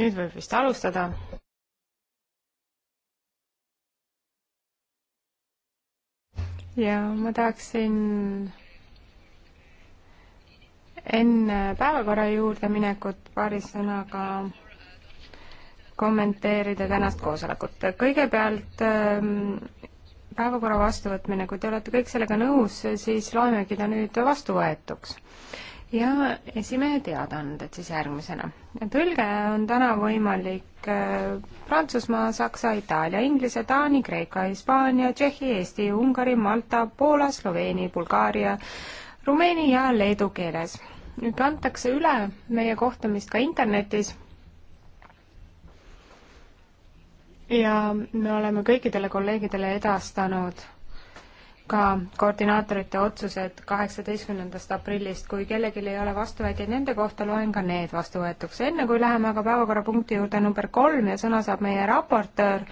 nüüd võib vist alustada. ja ma tahaksin enne päevakorra juurde minekut paari sõnaga kommenteerida tänast koosolekut. kõigepealt ähm, päevakorra vastuvõtmine, kui te olete kõik sellega nõus, siis loemegi ta nüüd vastuvõetuks ja esimehe teadaanded siis järgmisena. tõlge on täna võimalik äh, Prantsusmaa, Saksa, Itaalia, Inglise, Taani, Kreeka, Hispaania, Tšehhi, Eesti, Ungari, Malta, Poola, Sloveenia, Bulgaaria, rumeeni ja leedu keeles. nüüd antakse üle meie kohtumist ka internetis ja me oleme kõikidele kolleegidele edastanud ka koordinaatorite otsused kaheksateistkümnendast aprillist, kui kellelgi ei ole vastuväiteid nende kohta, loen ka need vastuvõetuks. enne kui läheme aga päevakorrapunkti juurde number kolm ja sõna saab meie raportöör,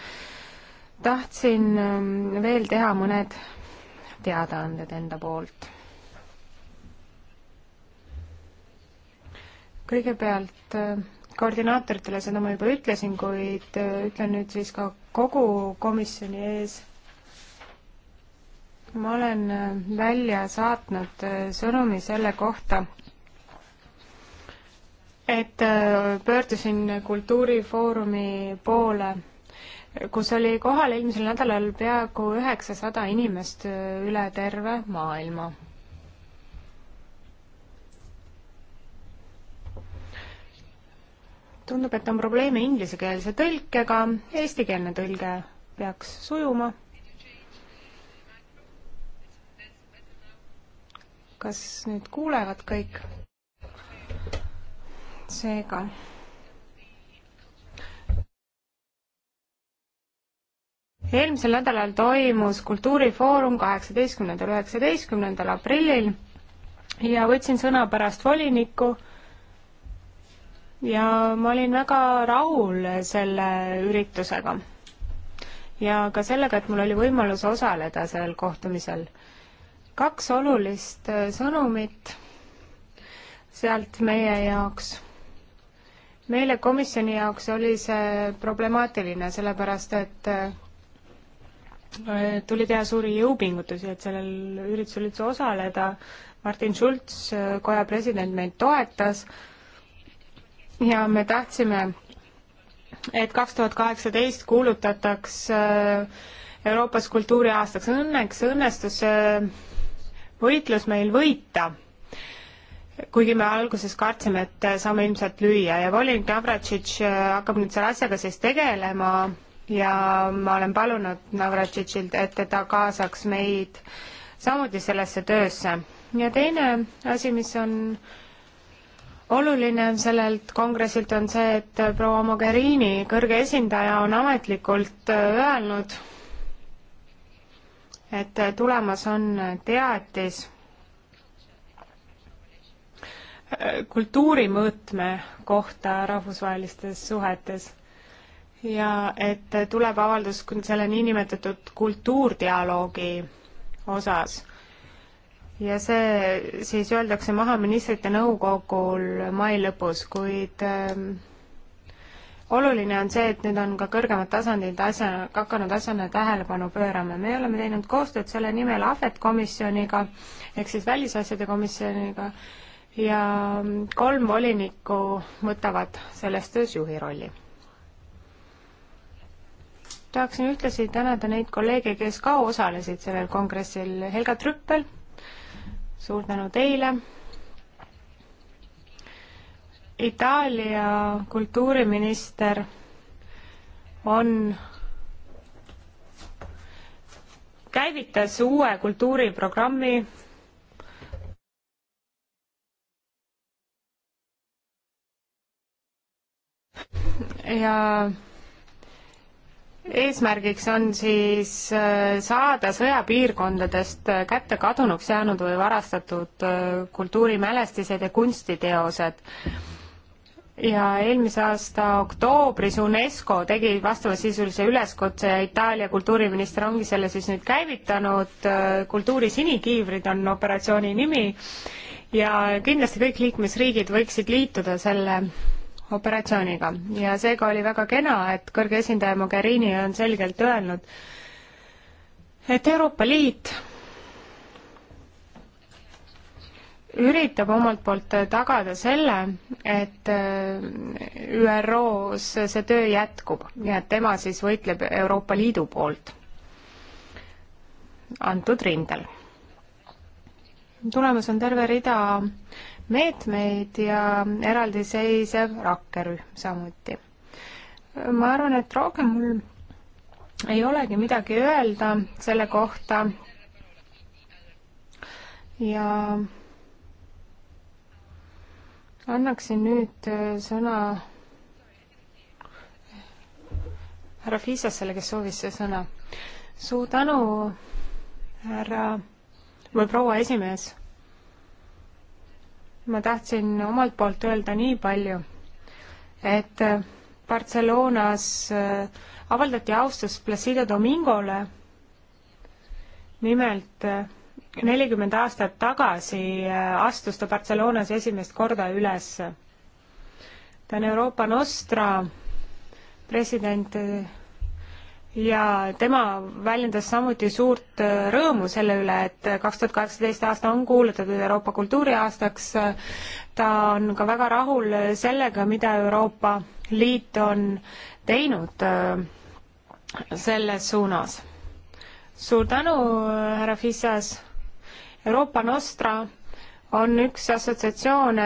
tahtsin ähm, veel teha mõned teadaanded enda poolt. kõigepealt äh, koordinaatoritele, seda ma juba ütlesin, kuid äh, ütlen nüüd siis ka kogu komisjoni ees ma olen äh, välja saatnud äh, sõnumi selle kohta, et äh, pöördusin Kultuurifoorumi poole, kus oli kohal eelmisel nädalal peaaegu üheksasada inimest üle terve maailma. tundub, et on probleeme inglisekeelse tõlkega, eestikeelne tõlge peaks sujuma kas nüüd kuulevad kõik? seega. eelmisel nädalal toimus Kultuurifoorum kaheksateistkümnendal, üheksateistkümnendal aprillil ja võtsin sõna pärast volinikku ja ma olin väga rahul selle üritusega ja ka sellega, et mul oli võimalus osaleda sellel kohtumisel kaks olulist äh, sõnumit sealt meie jaoks. meile komisjoni jaoks oli see problemaatiline, sellepärast et äh, äh, tuli teha suuri jõupingutusi, et sellel üritusel üldse osaleda. Martin Schulz, koja president, meid toetas ja me tahtsime, et kaks tuhat kaheksateist kuulutataks Euroopas kultuuriaastaks. Õnneks õnnestus see võitlus meil võita kuigi me alguses kartsime, et saame ilmselt lüüa ja volinik Navratšitš äh, hakkab nüüd selle asjaga siis tegelema ja ma olen palunud Navratšitšilt, et ta kaasaks meid samuti sellesse töösse. ja teine asi, mis on oluline sellelt kongressilt, on see, et proua Mogherini, kõrge esindaja, on ametlikult äh, öelnud, et tulemas on teatis kultuurimõõtme kohta rahvusvahelistes suhetes ja et tuleb avaldus selle niinimetatud kultuurdialoogi osas. ja see siis öeldakse maha ministrite nõukogul mai lõpus, kuid äh, oluline on see, et nüüd on ka kõrgemad tasandid asja, hakanud asjana tähelepanu pöörama. me oleme teinud koostööd selle nimel Ahvet komisjoniga ehk siis välisasjade komisjoniga ja kolm volinikku võtavad selles töös juhi rolli. tahaksin ühtlasi tänada neid kolleege, kes ka osalesid sellel kongressil. Helga Trüppel, suur tänu teile Itaalia kultuuriminister on, käivitas uue kultuuriprogrammi. ja eesmärgiks on siis äh, saada sõjapiirkondadest äh, kätte kadunuks jäänud või varastatud äh, kultuurimälestised ja kunstiteosed ja eelmise aasta oktoobris UNESCO tegi vastavasisulise üleskutse ja Itaalia kultuuriminister ongi selle siis nüüd käivitanud, kultuuri sinikiivrid on operatsiooni nimi ja kindlasti kõik liikmesriigid võiksid liituda selle operatsiooniga ja seega oli väga kena, et kõrge esindaja Mogherini on selgelt öelnud, et Euroopa Liit üritab omalt poolt tagada selle, et äh, ÜRO-s see töö jätkub ja et tema siis võitleb Euroopa Liidu poolt antud rindel. tulemas on terve rida meetmeid ja eraldiseisev rakkerühm samuti. ma arvan, et rohkem mul ei olegi midagi öelda selle kohta ja annaksin nüüd äh, sõna härra Fiisasele, kes soovis sõna. suur tänu, härra või proua esimees. ma tahtsin omalt poolt öelda nii palju, et äh, Barcelonas äh, avaldati austus Placido Domingole, nimelt nelikümmend aastat tagasi äh, astus ta Barcelonas esimest korda üles. ta on Euroopa Nostra president äh, ja tema väljendas samuti suurt äh, rõõmu selle üle, et kaks tuhat kaheksateist aasta on kuulutatud Euroopa kultuuriaastaks. ta on ka väga rahul sellega, mida Euroopa Liit on teinud selles suunas. suur tänu, härra Fissas Euroopa Nostra on üks assotsiatsioone,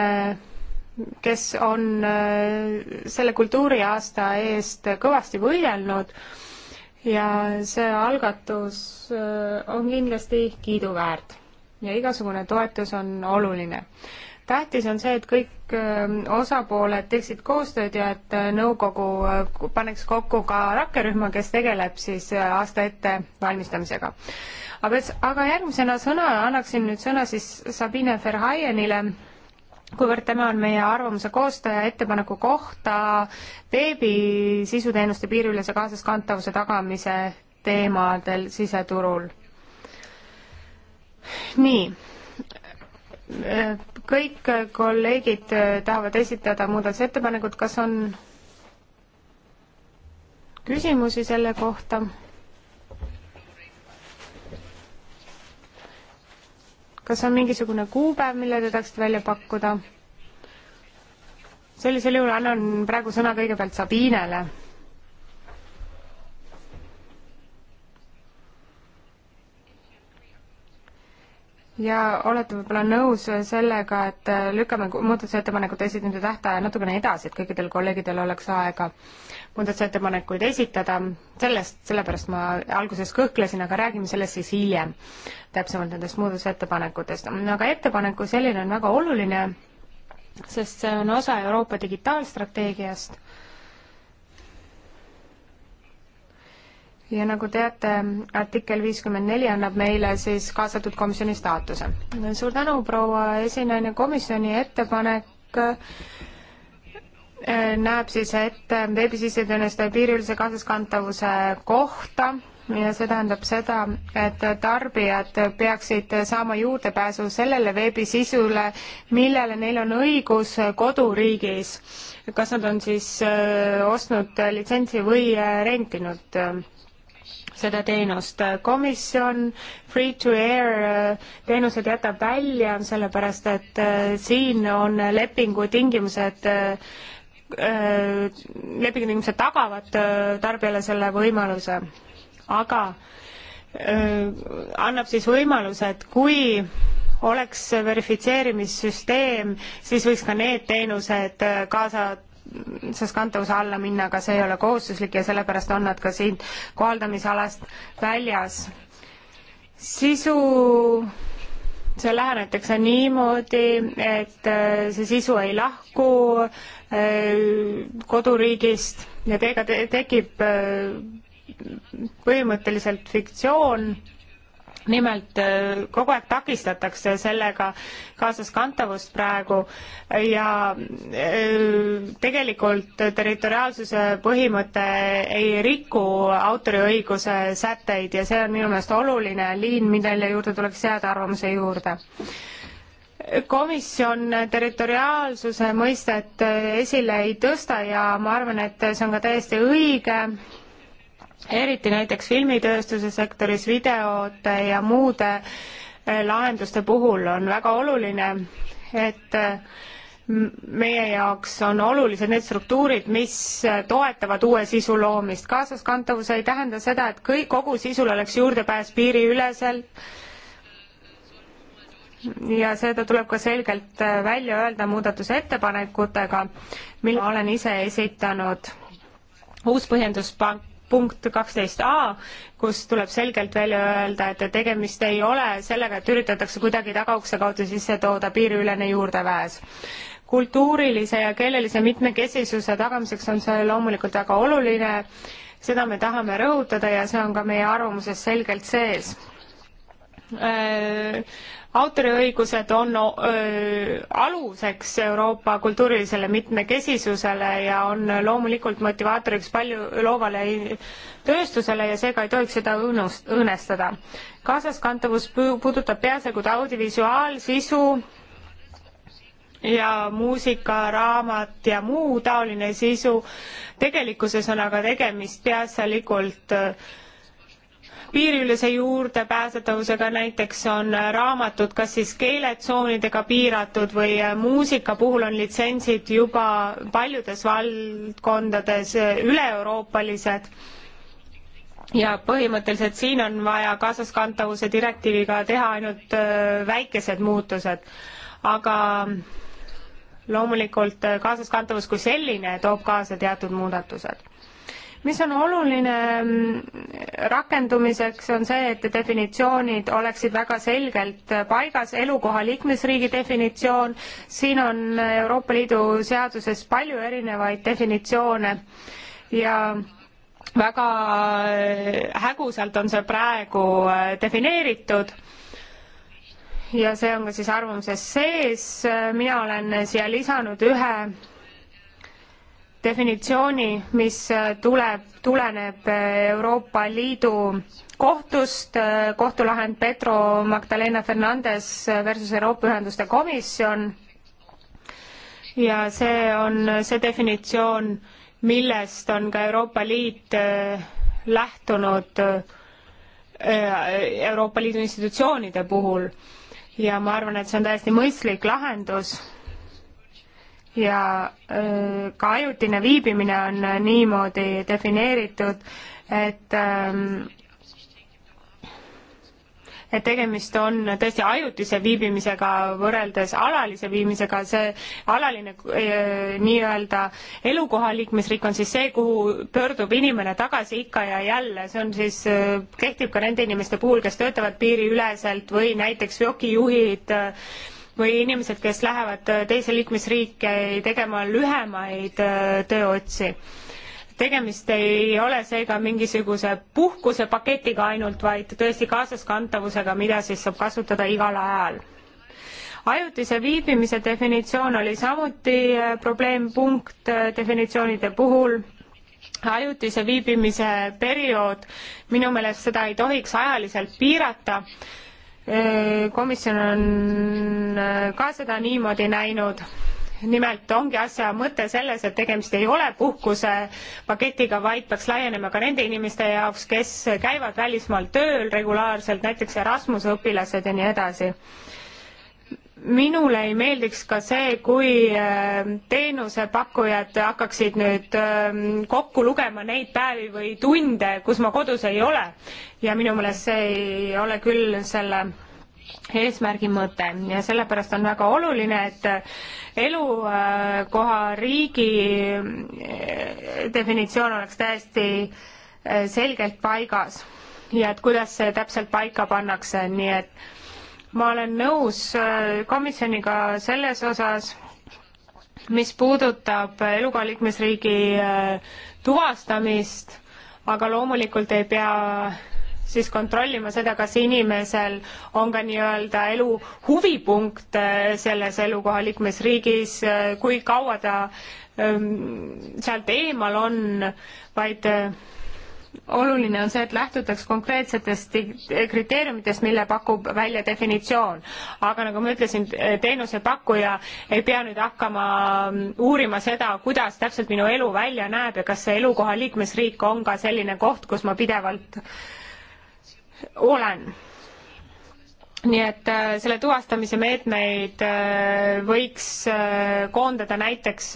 kes on äh, selle kultuuriaasta eest kõvasti võidelnud ja see algatus äh, on kindlasti kiiduväärt ja igasugune toetus on oluline. tähtis on see, et kõik äh, osapooled teeksid koostööd ja et nõukogu paneks kokku ka rakkerühma, kes tegeleb siis aasta ettevalmistamisega aga, aga järgmisena sõna, annaksin nüüd sõna siis Sabine Verhaienile, kuivõrd tema on meie arvamuse koostaja ettepaneku kohta veebi sisuteenuste piiriülese kaasaskantavuse tagamise teemadel siseturul. nii kõik kolleegid tahavad esitada muudatusettepanekud, kas on küsimusi selle kohta? kas on mingisugune kuupäev, mille te tahaksite välja pakkuda? sellisel juhul annan praegu sõna kõigepealt Sabinele ja olete võib-olla nõus sellega, et äh, lükkame muudatusettepanekute esitamise tähtaja natukene edasi, et kõikidel kolleegidel oleks aega muudatusettepanekuid esitada, sellest, sellepärast ma alguses kõhklesin, aga räägime sellest siis hiljem, täpsemalt nendest muudatusettepanekutest. aga ettepanek kui selline on väga oluline, sest see on osa Euroopa digitaalstrateegiast ja nagu teate, artikkel viiskümmend neli annab meile siis kaasatud komisjoni staatuse. suur tänu, proua esinaine, komisjoni ettepanek eh, näeb siis ette veebisiseteenuste piiriülese kaasaskantavuse kohta ja see tähendab seda, et tarbijad peaksid saama juurdepääsu sellele veebisisule, millele neil on õigus koduriigis. kas nad on siis eh, ostnud litsentsi või eh, rentinud seda teenust. komisjon Free to Air äh, teenused jätab välja, sellepärast et äh, siin on lepingu tingimused äh, lepingutingimused tagavad tarbijale selle võimaluse, aga annab siis võimaluse, et kui oleks verifitseerimissüsteem, siis võiks ka need teenused kaasa sest kantavuse alla minna, aga see ei ole kohustuslik ja sellepärast on nad ka siit kohaldamisalast väljas. sisu see lähenetakse niimoodi, et äh, see sisu ei lahku äh, koduriigist ja teiega tekib äh, põhimõtteliselt fiktsioon nimelt äh, kogu aeg takistatakse sellega kaasaskantavust praegu ja äh, tegelikult territoriaalsuse põhimõte ei riku autoriõiguse sätteid ja see on minu meelest oluline liin, mille juurde tuleks jääda arvamuse juurde komisjon territoriaalsuse mõistet äh, esile ei tõsta ja ma arvan, et see on ka täiesti õige eriti näiteks filmitööstuse sektoris videote ja muude eh, lahenduste puhul on väga oluline, et eh, meie jaoks on olulised need struktuurid, mis eh, toetavad uue sisu loomist. kaasaskantavus ei tähenda seda, et kõik, kogu sisul oleks juurdepääs piiriüleselt ja seda tuleb ka selgelt välja öelda muudatusettepanekutega, mille olen ise esitanud. uus põhjenduspakk punkt kaksteist A, kus tuleb selgelt välja öelda, et tegemist ei ole sellega, et üritatakse kuidagi tagaukse kaudu sisse tooda piiriülene juurdepääs kultuurilise ja keelelise mitmekesisuse tagamiseks on see loomulikult väga oluline, seda me tahame rõhutada ja see on ka meie arvamuses selgelt sees äh, autoriõigused on öö, aluseks Euroopa kultuurilisele mitmekesisusele ja on loomulikult motivaatoriks palju loovale tööstusele ja seega ei tohiks seda õõnust, õõnestada. kaasaskantavus puudutab peaasjagu audiovisuaalsisu, ja muusika, raamat ja muu taoline sisu. tegelikkuses on aga tegemist peaasjalikult äh, piiriülese juurdepääsetavusega, näiteks on raamatud kas siis keeletsoonidega piiratud või äh, muusika puhul on litsentsid juba paljudes valdkondades äh, üle-euroopalised ja põhimõtteliselt siin on vaja kaasaskantavuse direktiiviga teha ainult äh, väikesed muutused, aga loomulikult kaasaskantavus kui selline toob kaasa teatud muudatused mis on oluline mm, rakendumiseks, on see, et definitsioonid oleksid väga selgelt äh, paigas, elukoha liikmesriigi definitsioon, siin on Euroopa Liidu seaduses palju erinevaid definitsioone ja väga äh, hägusalt on see praegu äh, defineeritud ja see on ka siis arvamuses sees, mina olen siia lisanud ühe definitsiooni, mis äh, tuleb, tuleneb äh, Euroopa Liidu kohtust, äh, kohtulahend Petro Magdalena Fernandez versus Euroopa Ühenduste Komisjon ja see on see definitsioon, millest on ka Euroopa Liit lähtunud Euroopa Liidu institutsioonide puhul ja ma arvan, et see on täiesti mõistlik lahendus ja öö, äh, ka ajutine viibimine on äh, niimoodi defineeritud, et ähm, et tegemist on tõesti ajutise viibimisega võrreldes alalise viibimisega, see alaline äh, nii-öelda elukoha liikmesriik on siis see, kuhu pöördub inimene tagasi ikka ja jälle, see on siis, kehtib ka nende inimeste puhul, kes töötavad piiriüleselt või näiteks veokijuhid äh, või inimesed, kes lähevad äh, teise liikmesriiki tegema lühemaid äh, tööotsi tegemist ei ole seega mingisuguse puhkusepaketiga ainult, vaid tõesti kaasaskantavusega, mida siis saab kasutada igal ajal. ajutise viibimise definitsioon oli samuti äh, probleempunkt definitsioonide puhul ajutise viibimise periood, minu meelest seda ei tohiks ajaliselt piirata, Äh, komisjon on äh, ka seda niimoodi näinud. nimelt ongi asja mõte selles, et tegemist ei ole puhkusepaketiga, vaid peaks laienema ka nende inimeste jaoks, kes käivad välismaal tööl regulaarselt, näiteks Erasmuse õpilased ja nii edasi minule ei meeldiks ka see, kui äh, teenusepakkujad hakkaksid nüüd ähm, kokku lugema neid päevi või tunde, kus ma kodus ei ole. ja minu meelest see ei ole küll selle eesmärgi mõte ja sellepärast on väga oluline, et äh, elukohariigi äh, definitsioon oleks täiesti selgelt paigas ja et kuidas see täpselt paika pannakse, nii et ma olen nõus äh, komisjoniga selles osas, mis puudutab eluga liikmesriigi äh, tuvastamist, aga loomulikult ei pea siis kontrollima seda, kas inimesel on ka nii-öelda elu huvipunkt äh, selles elukoha liikmesriigis, kui kaua ta ähm, sealt eemal on, vaid oluline on see, et lähtutaks konkreetsetest kriteeriumitest, mille pakub välja definitsioon. aga nagu ma ütlesin, teenusepakkuja ei pea nüüd hakkama uurima seda, kuidas täpselt minu elu välja näeb ja kas see elukoha liikmesriik on ka selline koht, kus ma pidevalt olen nii et äh, selle tuvastamise meetmeid äh, võiks äh, koondada näiteks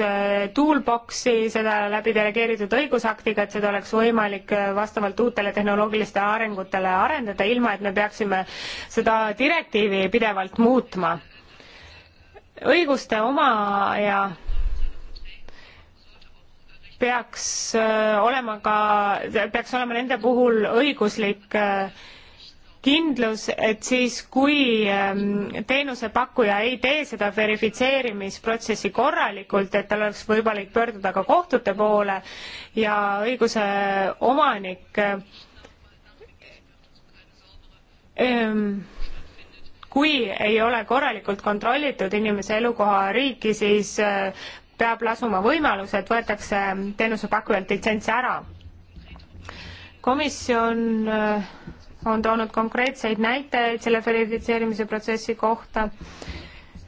toolbox'i, seda läbi delegeeritud õigusaktiga, et seda oleks võimalik vastavalt uutele tehnoloogilistele arengutele arendada, ilma et me peaksime seda direktiivi pidevalt muutma. õiguste omaja peaks olema ka, peaks olema nende puhul õiguslik kindlus, et siis, kui ähm, teenusepakkuja ei tee seda verifitseerimisprotsessi korralikult, et tal oleks võimalik pöörduda ka kohtute poole ja õiguse omanik ähm, kui ei ole korralikult kontrollitud inimese elukohariiki, siis äh, peab lasuma võimalus, et võetakse teenusepakkujalt litsents ära. komisjon äh, on toonud konkreetseid näiteid selle verifitseerimise protsessi kohta.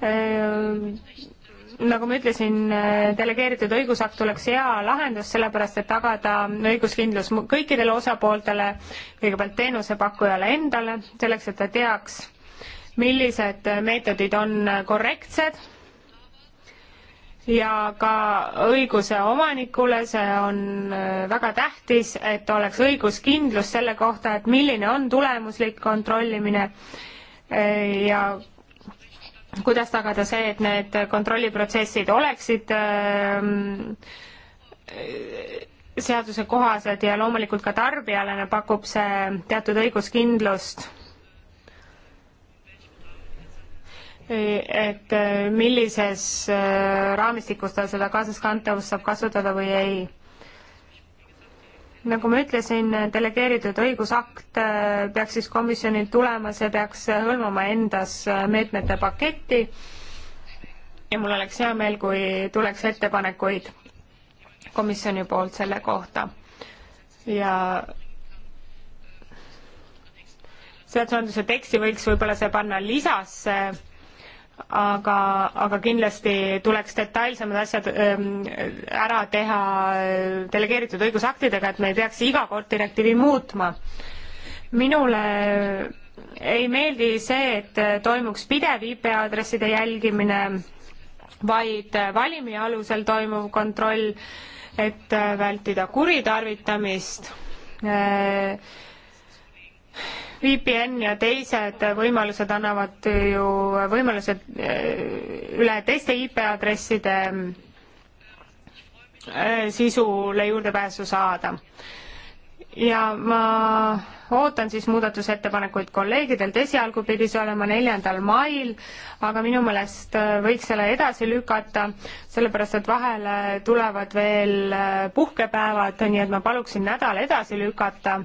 Ehm, nagu ma ütlesin, delegeeritud õigusakt oleks hea lahendus, sellepärast et tagada õiguskindlus kõikidele osapooltele, kõigepealt teenusepakkujale endale, selleks et ta teaks, millised meetodid on korrektsed ja ka õiguse omanikule, see on äh, väga tähtis, et oleks õiguskindlus selle kohta, et milline on tulemuslik kontrollimine äh, ja kuidas tagada see, et need kontrolliprotsessid oleksid äh, seaduse kohased ja loomulikult ka tarbijale pakub see teatud õiguskindlust et eh, millises eh, raamistikus ta seda kaasaskantavust saab kasutada või ei. nagu ma ütlesin, delegeeritud õigusakt eh, peaks siis komisjonil tulema, see peaks hõlmama endas meetmete paketti ja mul oleks hea meel, kui tuleks ettepanekuid komisjoni poolt selle kohta. ja seadusandluse teksti võiks võib-olla see panna lisasse aga, aga kindlasti tuleks detailsemad asjad ähm, ära teha äh, delegeeritud õigusaktidega, et me ei peaks iga kord direktiivi muutma. minule ei meeldi see, et toimuks pidev IP-aadresside jälgimine, vaid valimi alusel toimuv kontroll, et vältida kuritarvitamist äh, VPN ja teised võimalused annavad ju võimalused eh, üle teiste IP-aadresside eh, sisule juurdepääsu saada. ja ma ootan siis muudatusettepanekuid kolleegidelt, esialgu pidi see olema neljandal mail, aga minu meelest eh, võiks selle edasi lükata, sellepärast et vahele tulevad veel puhkepäevad, nii et ma paluksin nädal edasi lükata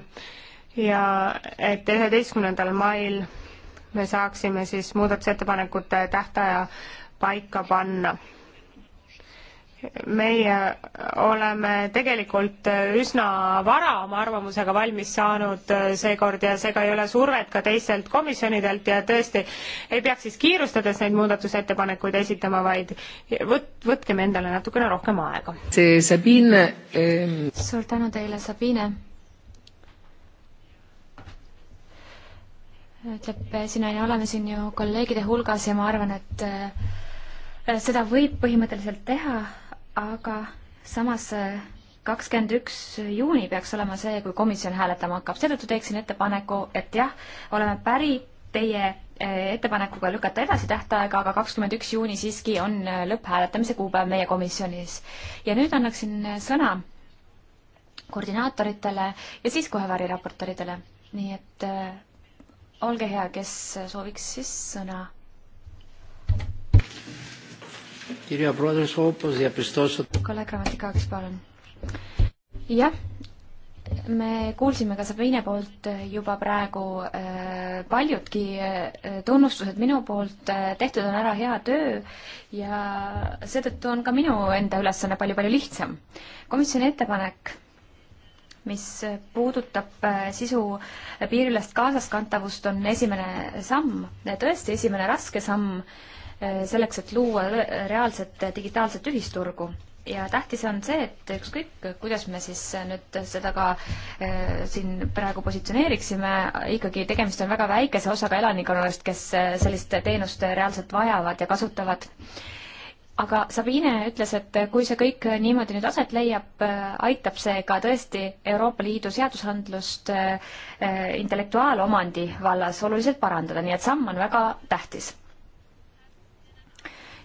ja et üheteistkümnendal mail me saaksime siis muudatusettepanekute tähtaja paika panna. meie oleme tegelikult üsna vara oma arvamusega valmis saanud seekord ja seega ei ole survet ka teistelt komisjonidelt ja tõesti ei peaks siis kiirustades neid muudatusettepanekuid esitama, vaid võt-, võtkem endale natukene rohkem aega. see Sabine ähm.... suur tänu teile, Sabine ütleb Sinaine, oleme siin ju kolleegide hulgas ja ma arvan, et äh, seda võib põhimõtteliselt teha, aga samas äh, kakskümmend üks juuni peaks olema see, kui komisjon hääletama hakkab, seetõttu teeksin ettepaneku, et jah, oleme päri teie äh, ettepanekuga lükata edasi tähtaega, aga kakskümmend üks juuni siiski on lõpphääletamise kuupäev meie komisjonis. ja nüüd annaksin sõna koordinaatoritele ja siis kohe variraportoridele. nii et olge hea, kes sooviks siis sõna? kolleeg Grammatikakis, palun. jah me kuulsime ka Sabine poolt äh, juba praegu äh, paljudki äh, tunnustused minu poolt, tehtud on ära hea töö ja seetõttu on ka minu enda ülesanne palju-palju lihtsam. komisjoni ettepanek mis puudutab äh, sisu piirilast kaasaskantavust, on esimene samm, tõesti esimene raske samm äh, selleks, et luua reaalset digitaalset ühisturgu ja tähtis on see, et ükskõik, kuidas me siis nüüd seda ka äh, siin praegu positsioneeriksime, ikkagi tegemist on väga väikese osaga elanikkonnast, kes äh, sellist teenust reaalselt vajavad ja kasutavad aga Sabine ütles, et kui see kõik niimoodi nüüd aset leiab, aitab see ka tõesti Euroopa Liidu seadusandlust äh, intellektuaalomandi vallas oluliselt parandada, nii et samm on väga tähtis.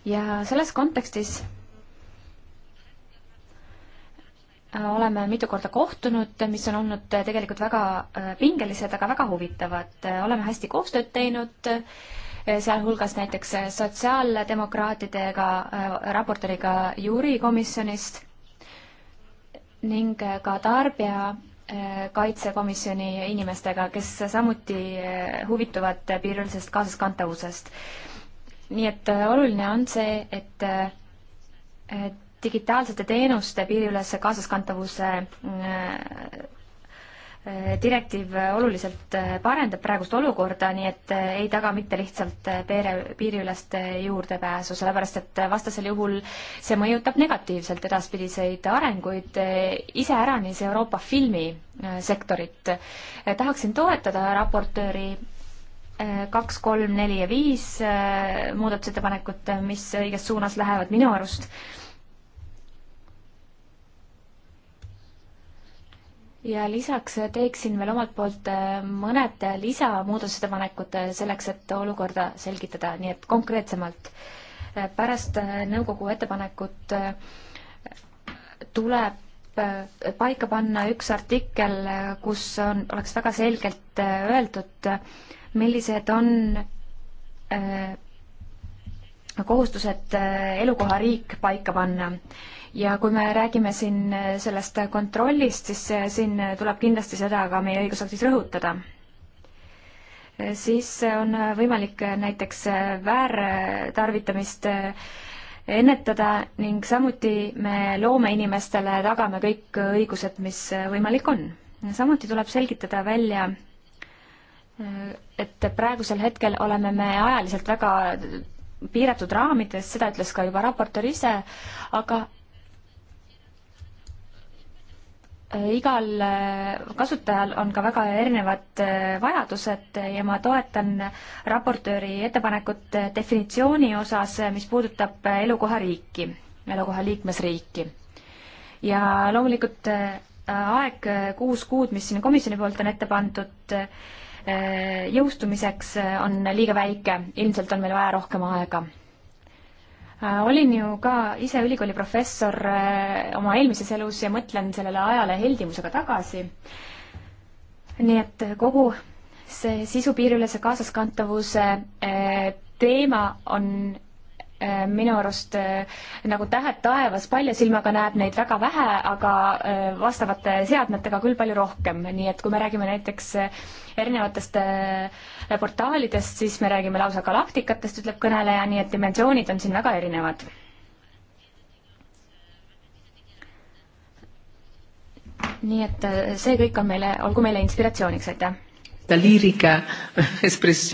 ja selles kontekstis äh, oleme mitu korda kohtunud, mis on olnud tegelikult väga äh, pingelised, aga väga huvitavad. oleme hästi koostööd teinud sealhulgas näiteks sotsiaaldemokraatidega, äh, raportööriga juurikomisjonist ning ka tarbijakaitsekomisjoni äh, inimestega, kes samuti äh, huvituvad piirilisest kaasaskantavusest. nii et oluline on see, et, et digitaalsete teenuste piiriülese kaasaskantavuse Eh, direktiiv eh, oluliselt eh, parendab praegust olukorda, nii et ei taga mitte lihtsalt peere, piiriülest juurdepääsu, sellepärast et vastasel juhul see mõjutab negatiivselt edaspidiseid arenguid, iseäranis Euroopa filmisektorit. tahaksin toetada raportööri kaks, kolm, neli ja viis muudatusettepanekut, mis õiges suunas lähevad minu arust ja lisaks teeksin veel omalt poolt äh, mõned lisamuudatusettepanekud äh, selleks, et olukorda selgitada, nii et konkreetsemalt. Äh, pärast nõukogu ettepanekut tuleb paika panna üks artikkel, kus on, oleks väga selgelt öeldud, millised on kohustused äh, elukohariik paika panna. ja kui me räägime siin äh, sellest kontrollist, siis äh, siin tuleb kindlasti seda ka meie õigusaktis rõhutada. siis on võimalik näiteks väärtarvitamist ennetada ning samuti me loomeinimestele tagame kõik õigused, mis võimalik on. samuti tuleb selgitada välja et praegusel hetkel oleme me ajaliselt väga piiratud raamides, seda ütles ka juba raportöör ise, aga äh, igal äh, kasutajal on ka väga erinevad äh, vajadused ja ma toetan raportööri ettepanekut definitsiooni osas, mis puudutab elukohariiki, elukoha liikmesriiki. ja loomulikult aeg kuus kuud, mis siin komisjoni poolt on ette pandud, Äh, jõustumiseks äh, on liiga väike, ilmselt on meil vaja rohkem aega. Äh, olin ju ka ise ülikooli professor oma eelmises elus ja mõtlen sellele ajale heldimusega tagasi. nii et kogu see sisupiiriülese kaasaskantavuse teema on Äh, minu arust äh, nagu tähed taevas palja silmaga näeb neid väga vähe, aga äh, vastavate seadmetega küll palju rohkem, nii et kui me räägime näiteks erinevatest portaalidest, siis me räägime lausa galaktikatest, ütleb kõneleja, nii et dimensioonid on siin väga erinevad. nii et see kõik on meile, olgu meile inspiratsiooniks, aitäh!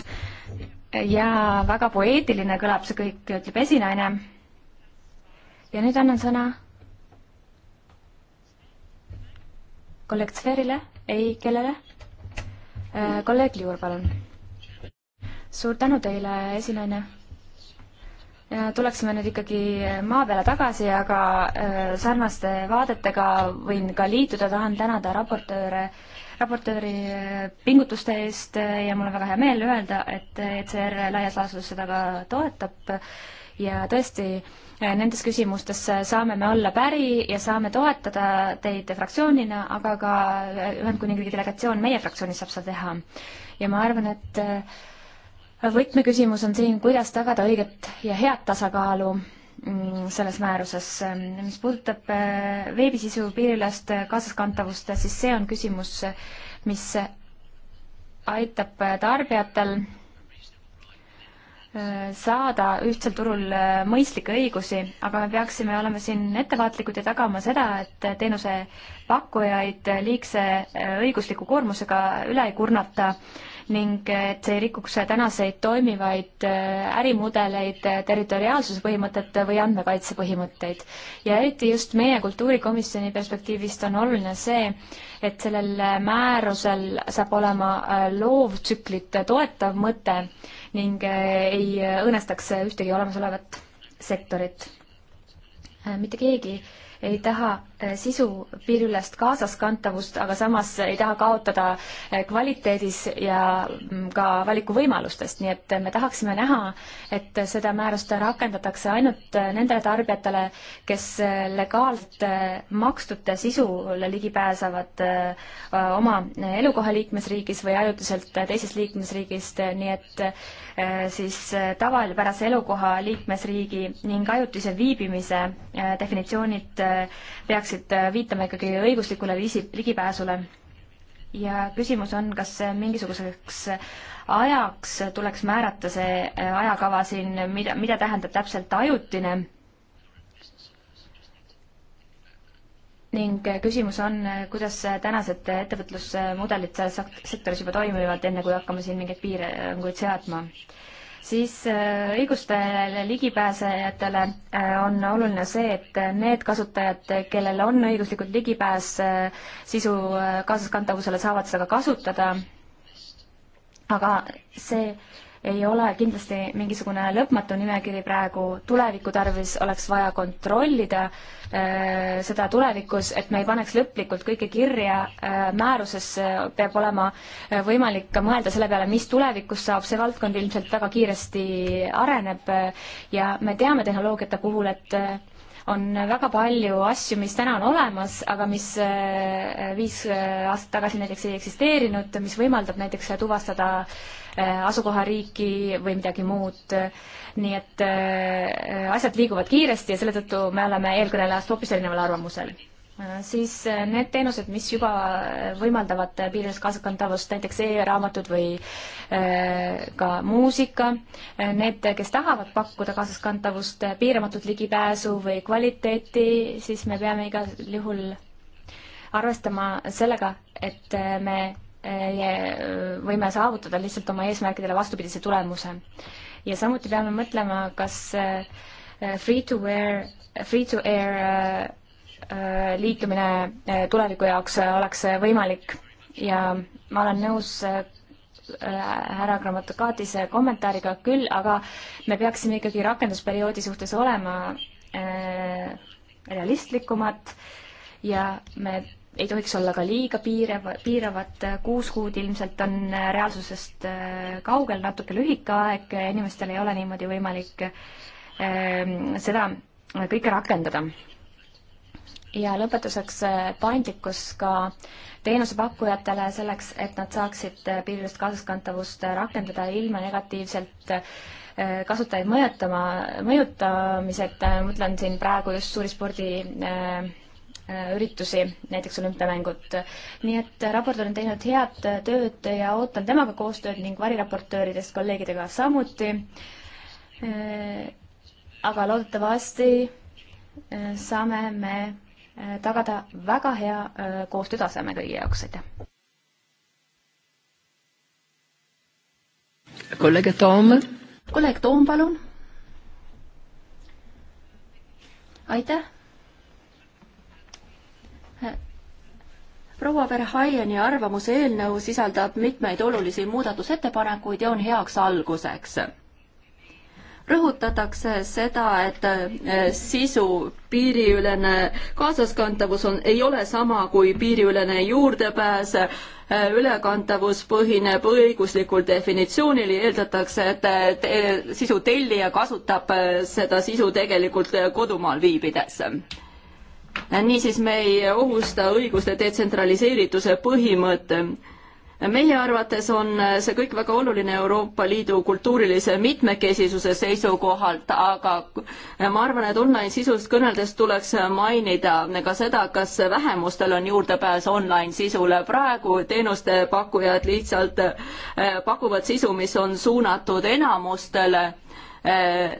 ja väga poeetiline kõlab see kõik, ütleb esinaine. ja nüüd annan sõna kolleeg Zverile, ei, kellele? Äh, kolleeg Liur, palun. suur tänu teile, esinaine. Äh, tuleksime nüüd ikkagi maa peale tagasi, aga äh, sarnaste vaadetega võin ka liituda, tahan tänada raportööre äh, raportööri pingutuste eest ja mul on väga hea meel öelda, et ECR laias laastus seda ka toetab ja tõesti, nendes küsimustes saame me olla päri ja saame toetada teid fraktsioonina, aga ka Ühendkuningriigi delegatsioon meie fraktsioonis saab seda teha. ja ma arvan, et võtmeküsimus on siin, kuidas tagada õiget ja head tasakaalu Mm, selles määruses. mis puudutab äh, veebisisu piiriülest äh, kaasaskantavust, siis see on küsimus, mis aitab tarbijatel äh, saada ühtsel turul mõistlikke õigusi, aga me peaksime olema siin ettevaatlikud ja tagama seda, et teenusepakkujaid liigse õigusliku koormusega üle ei kurnata äh, ning et see ei rikuks tänaseid toimivaid äh, ärimudeleid, äh, territoriaalsuse põhimõtet või andmekaitse põhimõtteid. ja eriti just meie kultuurikomisjoni perspektiivist on oluline see, et sellel äh, määrusel saab olema loovtsüklit toetav mõte ning ei õõnestaks ühtegi olemasolevat sektorit. mitte keegi ei taha Äh, sisu piiriülest kaasaskantavust, aga samas ei taha kaotada äh, kvaliteedis ja mm, ka valikuvõimalustest, nii et me tahaksime näha, et seda määrust rakendatakse ainult äh, nendele tarbijatele, kes legaalselt makstud sisule ligi pääsevad oma elukoha liikmesriigis või ajutiselt teisest liikmesriigist, nii et siis tavapärase elukoha liikmesriigi ning ajutise viibimise definitsioonid peaksid peaksid äh, viitama ikkagi õiguslikule lisi-, ligipääsule. ja küsimus on, kas äh, mingisuguseks äh, ajaks tuleks määrata see ajakava siin, mida, mida tähendab täpselt ajutine ning küsimus on, kuidas tänased ettevõtlusmudelid selles sektoris juba toimivad, enne kui hakkame siin mingeid piiranguid seadma siis äh, õigustele ligipääsejatele äh, on oluline see, et need kasutajad, kellel on õiguslikult ligipääs äh, sisu kaasaskantavusele, saavad seda ka kasutada, aga see ei ole kindlasti mingisugune lõpmatu nimekiri praegu, tuleviku tarvis oleks vaja kontrollida äh, seda tulevikus, et me ei paneks lõplikult kõike kirja äh,, määruses äh, peab olema äh, võimalik ka mõelda selle peale, mis tulevikus saab, see valdkond ilmselt väga kiiresti areneb äh, ja me teame tehnoloogiate puhul, et on väga palju asju, mis täna on olemas, aga mis viis aastat tagasi näiteks ei eksisteerinud, mis võimaldab näiteks tuvastada Äh, asukohariiki või midagi muud. nii et äh, asjad liiguvad kiiresti ja selle tõttu me oleme eelkõnelejast hoopis erineval arvamusel äh, siis need teenused, mis juba võimaldavad piirides kaasakantavust, näiteks e-raamatud või ka muusika, need, kes tahavad pakkuda kaasaskantavust, piiramatut ligipääsu või kvaliteeti, siis me peame igal juhul arvestama sellega, et me võime saavutada lihtsalt oma eesmärkidele vastupidise tulemuse. ja samuti peame mõtlema, kas eh, free to wear, free to air eh, eh, liitumine tuleviku jaoks oleks võimalik ja ma olen nõus härra Grammatokatise kommentaariga küll, aga me peaksime ikkagi rakendusperioodi suhtes olema realistlikumad ja me ei tohiks olla ka liiga piirav, piiravad, kuus kuud ilmselt on reaalsusest äh, kaugel, natuke lühike aeg, inimestel ei ole niimoodi võimalik ähm, seda kõike rakendada. ja lõpetuseks äh, paindlikkus ka teenusepakkujatele selleks, et nad saaksid äh, piirilist kaasaskantavust rakendada ilma negatiivselt kasutajaid mõjutama, mõjutamiseta, mõtlen siin praegu just suurispordi äh, Äh, üritusi, näiteks olümpiamängud. nii et raportöör on teinud head tööd ja ootan temaga koostööd ning variraportööridest kolleegidega samuti. Äh, aga loodetavasti äh, saame me tagada väga hea koostöötaseme kõigi jaoks, aitäh. kolleeg Toom. kolleeg Toom, palun. aitäh proua Verhaieni arvamuse eelnõu sisaldab mitmeid olulisi muudatusettepanekuid ja on heaks alguseks. rõhutatakse seda, et äh, sisu piiriülene kaasaskantavus on, ei ole sama kui piiriülene juurdepääs, äh, ülekantavus põhineb õiguslikul definitsioonil ja eeldatakse, et sisu tellija kasutab äh, seda sisu tegelikult kodumaal viibides niisiis me ei ohusta õiguste detsentraliseerituse põhimõte. meie arvates on see kõik väga oluline Euroopa Liidu kultuurilise mitmekesisuse seisukohalt, aga ma arvan, et online sisust kõneldes tuleks mainida ka seda, kas vähemustel on juurdepääs online sisule. praegu teenustepakkujad lihtsalt eh, pakuvad sisu, mis on suunatud enamustele eh,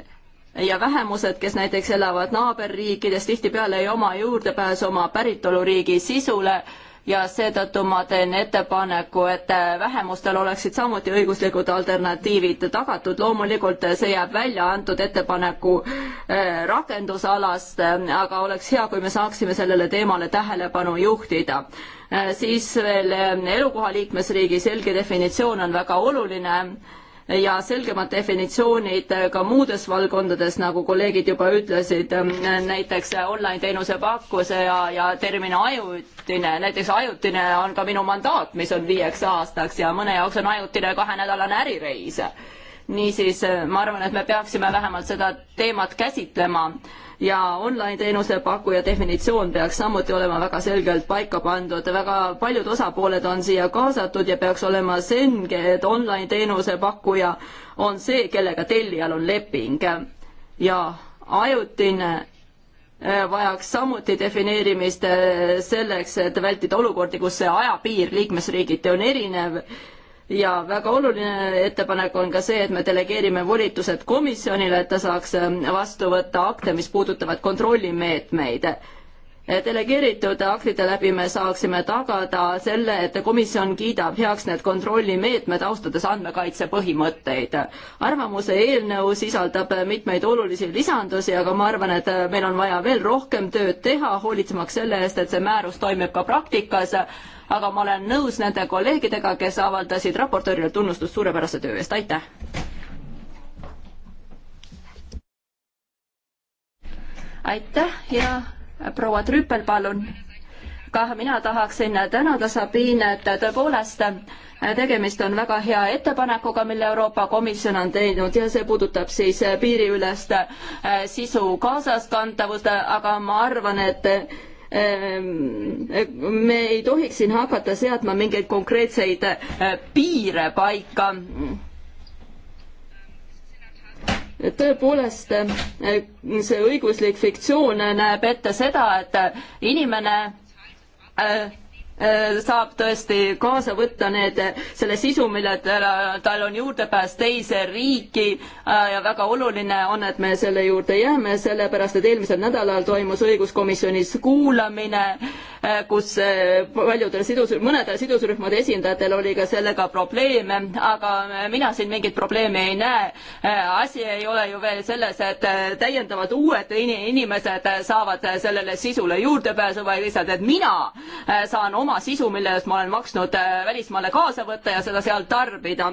ja vähemused, kes näiteks elavad naaberriikides, tihtipeale ei oma juurdepääsu oma päritoluriigi sisule ja seetõttu ma teen ettepaneku, et vähemustel oleksid samuti õiguslikud alternatiivid tagatud, loomulikult see jääb välja antud ettepaneku äh, rakendusalast, aga oleks hea, kui me saaksime sellele teemale tähelepanu juhtida. Äh, siis veel äh, elukoha liikmesriigi selge definitsioon on väga oluline ja selgemad definitsioonid ka muudes valdkondades, nagu kolleegid juba ütlesid, ähm, näiteks online teenuse pakkuse ja, ja termin ajutine, näiteks ajutine on ka minu mandaat, mis on viieks aastaks ja mõne jaoks on ajutine kahenädalane ärireis. niisiis äh, ma arvan, et me peaksime vähemalt seda teemat käsitlema ja online-teenuse pakkuja definitsioon peaks samuti olema väga selgelt paika pandud, väga paljud osapooled on siia kaasatud ja peaks olema selge, et online-teenuse pakkuja on see, kellega tellijal on leping ja ajutine äh, vajaks samuti defineerimist äh, selleks, et vältida olukordi, kus see ajapiir liikmesriigiti on erinev ja väga oluline ettepanek on ka see, et me delegeerime volitused komisjonile, et ta saaks ähm, vastu võtta akte, mis puudutavad kontrollimeetmeid. delegeeritud aktide läbi me saaksime tagada selle, et komisjon kiidab heaks need kontrollimeetmed, austades andmekaitse põhimõtteid. arvamuse eelnõu sisaldab mitmeid olulisi lisandusi, aga ma arvan, et meil on vaja veel rohkem tööd teha, hoolitsemaks selle eest, et see määrus toimib ka praktikas aga ma olen nõus nende kolleegidega, kes avaldasid raportöörile tunnustust suurepärase töö eest, aitäh! aitäh ja proua Trüppel, palun! ka mina tahaksin tänada Sabine, et tõepoolest tegemist on väga hea ettepanekuga, mille Euroopa Komisjon on teinud ja see puudutab siis piiriülest sisu kaasaskantavust, aga ma arvan, et Ehm, me ei tohiks siin hakata seadma mingeid konkreetseid äh, piire paika. tõepoolest, äh, see õiguslik fiktsioon näeb ette seda, et inimene äh, Äh, saab tõesti kaasa võtta need, selle sisu, mille tal on juurdepääs teise riiki äh, ja väga oluline on, et me selle juurde jääme, sellepärast et eelmisel nädalal toimus õiguskomisjonis kuulamine, äh, kus paljudel sidus, mõnedel sidusrühmade esindajatel oli ka sellega probleeme, aga mina siin mingit probleemi ei näe. asi ei ole ju veel selles, et täiendavad uued inimesed saavad sellele sisule juurdepääsu, vaid lihtsalt, et mina saan oma sama sisu, mille eest ma olen maksnud äh, välismaale kaasa võtta ja seda seal tarbida.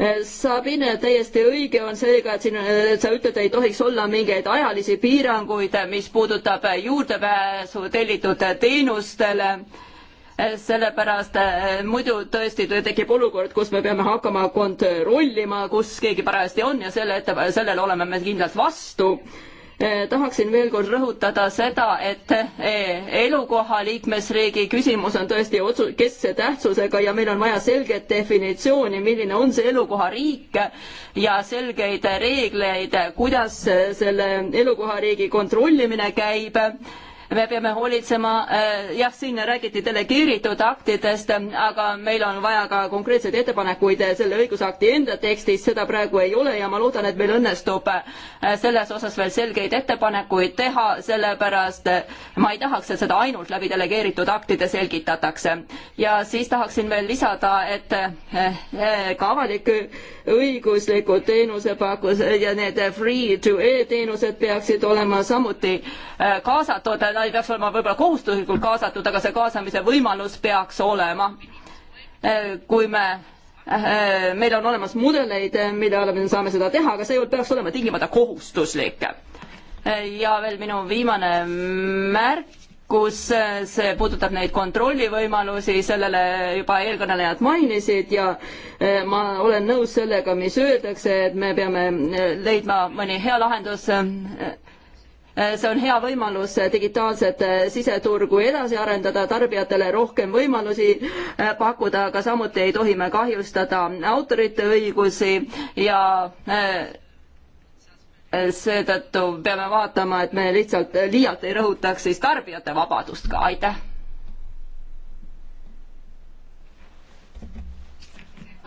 Äh, Sabine, täiesti õige on seega, et siin, äh, sa ütled, ei tohiks olla mingeid ajalisi piiranguid, mis puudutab juurdepääsu tellitud teenustele sellepärast muidu tõesti tekib olukord, kus me peame hakkama kontrollima, kus keegi parajasti on ja selle ette, sellele oleme me kindlalt vastu Eh, tahaksin veel kord rõhutada seda, et eh, elukoha liikmesriigi küsimus on tõesti otsu-, keskse tähtsusega ja meil on vaja selget definitsiooni, milline on see elukohariik ja selgeid reegleid, kuidas eh, selle elukohariigi kontrollimine käib me peame hoolitsema, äh, jah, siin räägiti delegeeritud aktidest, aga meil on vaja ka konkreetseid ettepanekuid selle õigusakti enda tekstis, seda praegu ei ole ja ma loodan, et meil õnnestub äh, selles osas veel selgeid ettepanekuid teha, sellepärast äh, ma ei tahaks, et seda ainult läbi delegeeritud aktide selgitatakse. ja siis tahaksin veel lisada, et ka avalik-õiguslikud teenusepakkus ja need free to e teenused peaksid olema samuti kaasatud, ei peaks olema võib-olla kohustuslikult kaasatud, aga see kaasamise võimalus peaks olema. kui me, meil on olemas mudeleid, mille alla me saame seda teha, aga see ei peaks olema tingimata kohustuslik. ja veel minu viimane märk kus see puudutab neid kontrollivõimalusi, sellele juba eelkõnelejad mainisid ja e, ma olen nõus sellega, mis öeldakse, et me peame leidma mõni hea lahendus e, Äh, see on hea võimalus äh, digitaalset äh, siseturgu edasi arendada, tarbijatele rohkem võimalusi pakkuda, aga samuti ei tohi me kahjustada autorite õigusi ja seetõttu peame vaatama, et me lihtsalt liialt ei rõhutaks siis tarbijate vabadust ka, aitäh.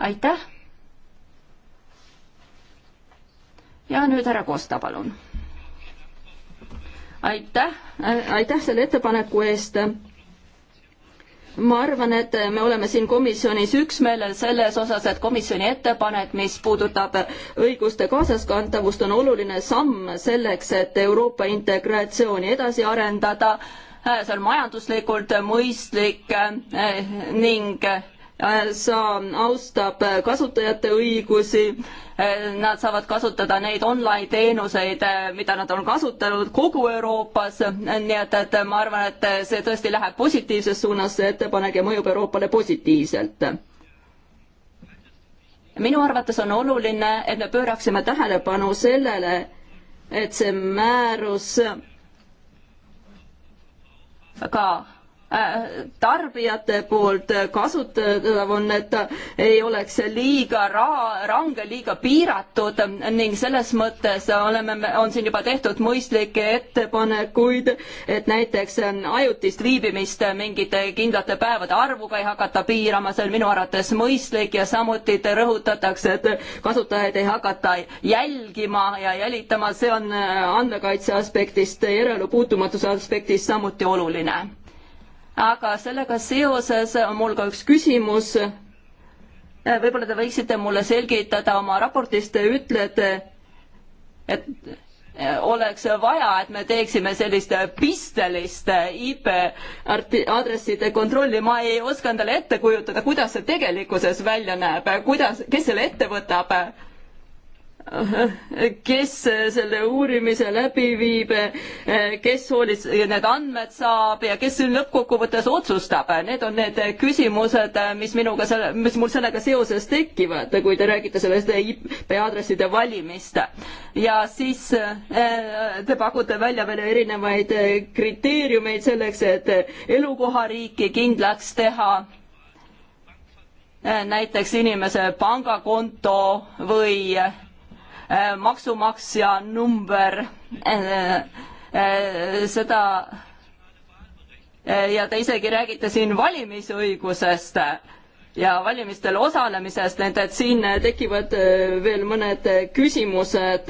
aitäh. ja nüüd härra Kosta, palun aitäh, aitäh selle ettepaneku eest. ma arvan, et me oleme siin komisjonis üksmeelel selles osas, et komisjoni ettepanek, mis puudutab õiguste kaasaskantavust, on oluline samm selleks, et Euroopa integratsiooni edasi arendada. Äh, see on majanduslikult mõistlik äh, ning Äh, sa austab äh, kasutajate õigusi, äh, nad saavad kasutada neid online teenuseid, mida nad on kasutanud kogu Euroopas, nii et, et ma arvan, et see tõesti läheb positiivses suunas, see ettepanek ja mõjub Euroopale positiivselt. minu arvates on oluline, et me pööraksime tähelepanu sellele, et see määrus ka Äh, tarbijate poolt kasutatav on, et ei oleks liiga ra-, range, liiga piiratud ning selles mõttes oleme, on siin juba tehtud mõistlikke ettepanekuid, et näiteks ajutist viibimist mingite kindlate päevade arvuga ei hakata piirama, see on minu arvates mõistlik ja samuti rõhutatakse, et kasutajaid ei hakata jälgima ja jälitama, see on andmekaitse aspektist, järelepuutumatuse aspektist samuti oluline aga sellega seoses on mul ka üks küsimus. Äh, võib-olla te võiksite mulle selgitada, oma raportis te ütlete, et äh, oleks vaja, et me teeksime sellist pistelist äh, IP aadresside kontrolli, ma ei oska endale ette kujutada, kuidas see tegelikkuses välja näeb, kuidas, kes selle ette võtab kes selle uurimise läbi viib, kes hoolis-, need andmed saab ja kes lõppkokkuvõttes otsustab, need on need küsimused, mis minuga selle, mis mul sellega seoses tekivad, kui te räägite sellest IP aadresside valimist. ja siis eh, te pakute välja veel erinevaid kriteeriumeid selleks, et elukohariiki kindlaks teha näiteks inimese pangakonto või Äh, maksumaksja number, äh, äh, seda ja te isegi räägite siin valimisõigusest ja valimistel osalemisest, nii et siin tekivad veel mõned küsimused,